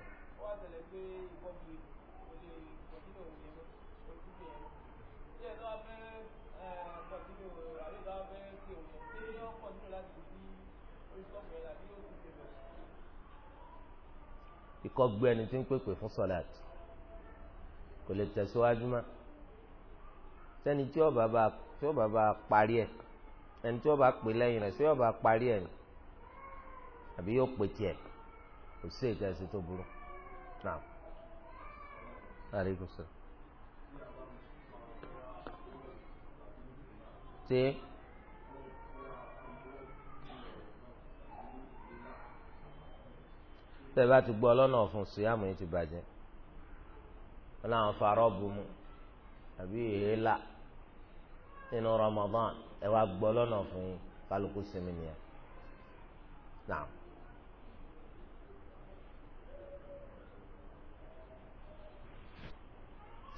kọ́ gbé ẹni tí ń pèpè fún sọ̀láàt kò lè tẹ̀síwájú mọ́ sẹ́ni tí ọba bá tí ọba bá parí ẹ̀ ẹni tí ọba pè lẹ́yìn rẹ̀ sí ọba parí ẹ̀ àbí yóò pè tiẹ̀ kò sí èdè ẹ̀sìn tó burú náà àríkùsọ. tí. tẹ́ bá ti gbọ́ lọ́nà ọ̀fun síyàmù yìí ti bàjẹ́ wọn làwọn farọ́ bu mu àbí èélà nínú Ramadan ẹ wá gbọ́ lọ́nà ọ̀fun yìí kálukú sinmi nìyẹn. Naam.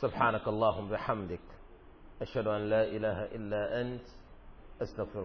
سبحانك اللهم بحمدك أشهد أن لا إله إلا أنت أستغفرك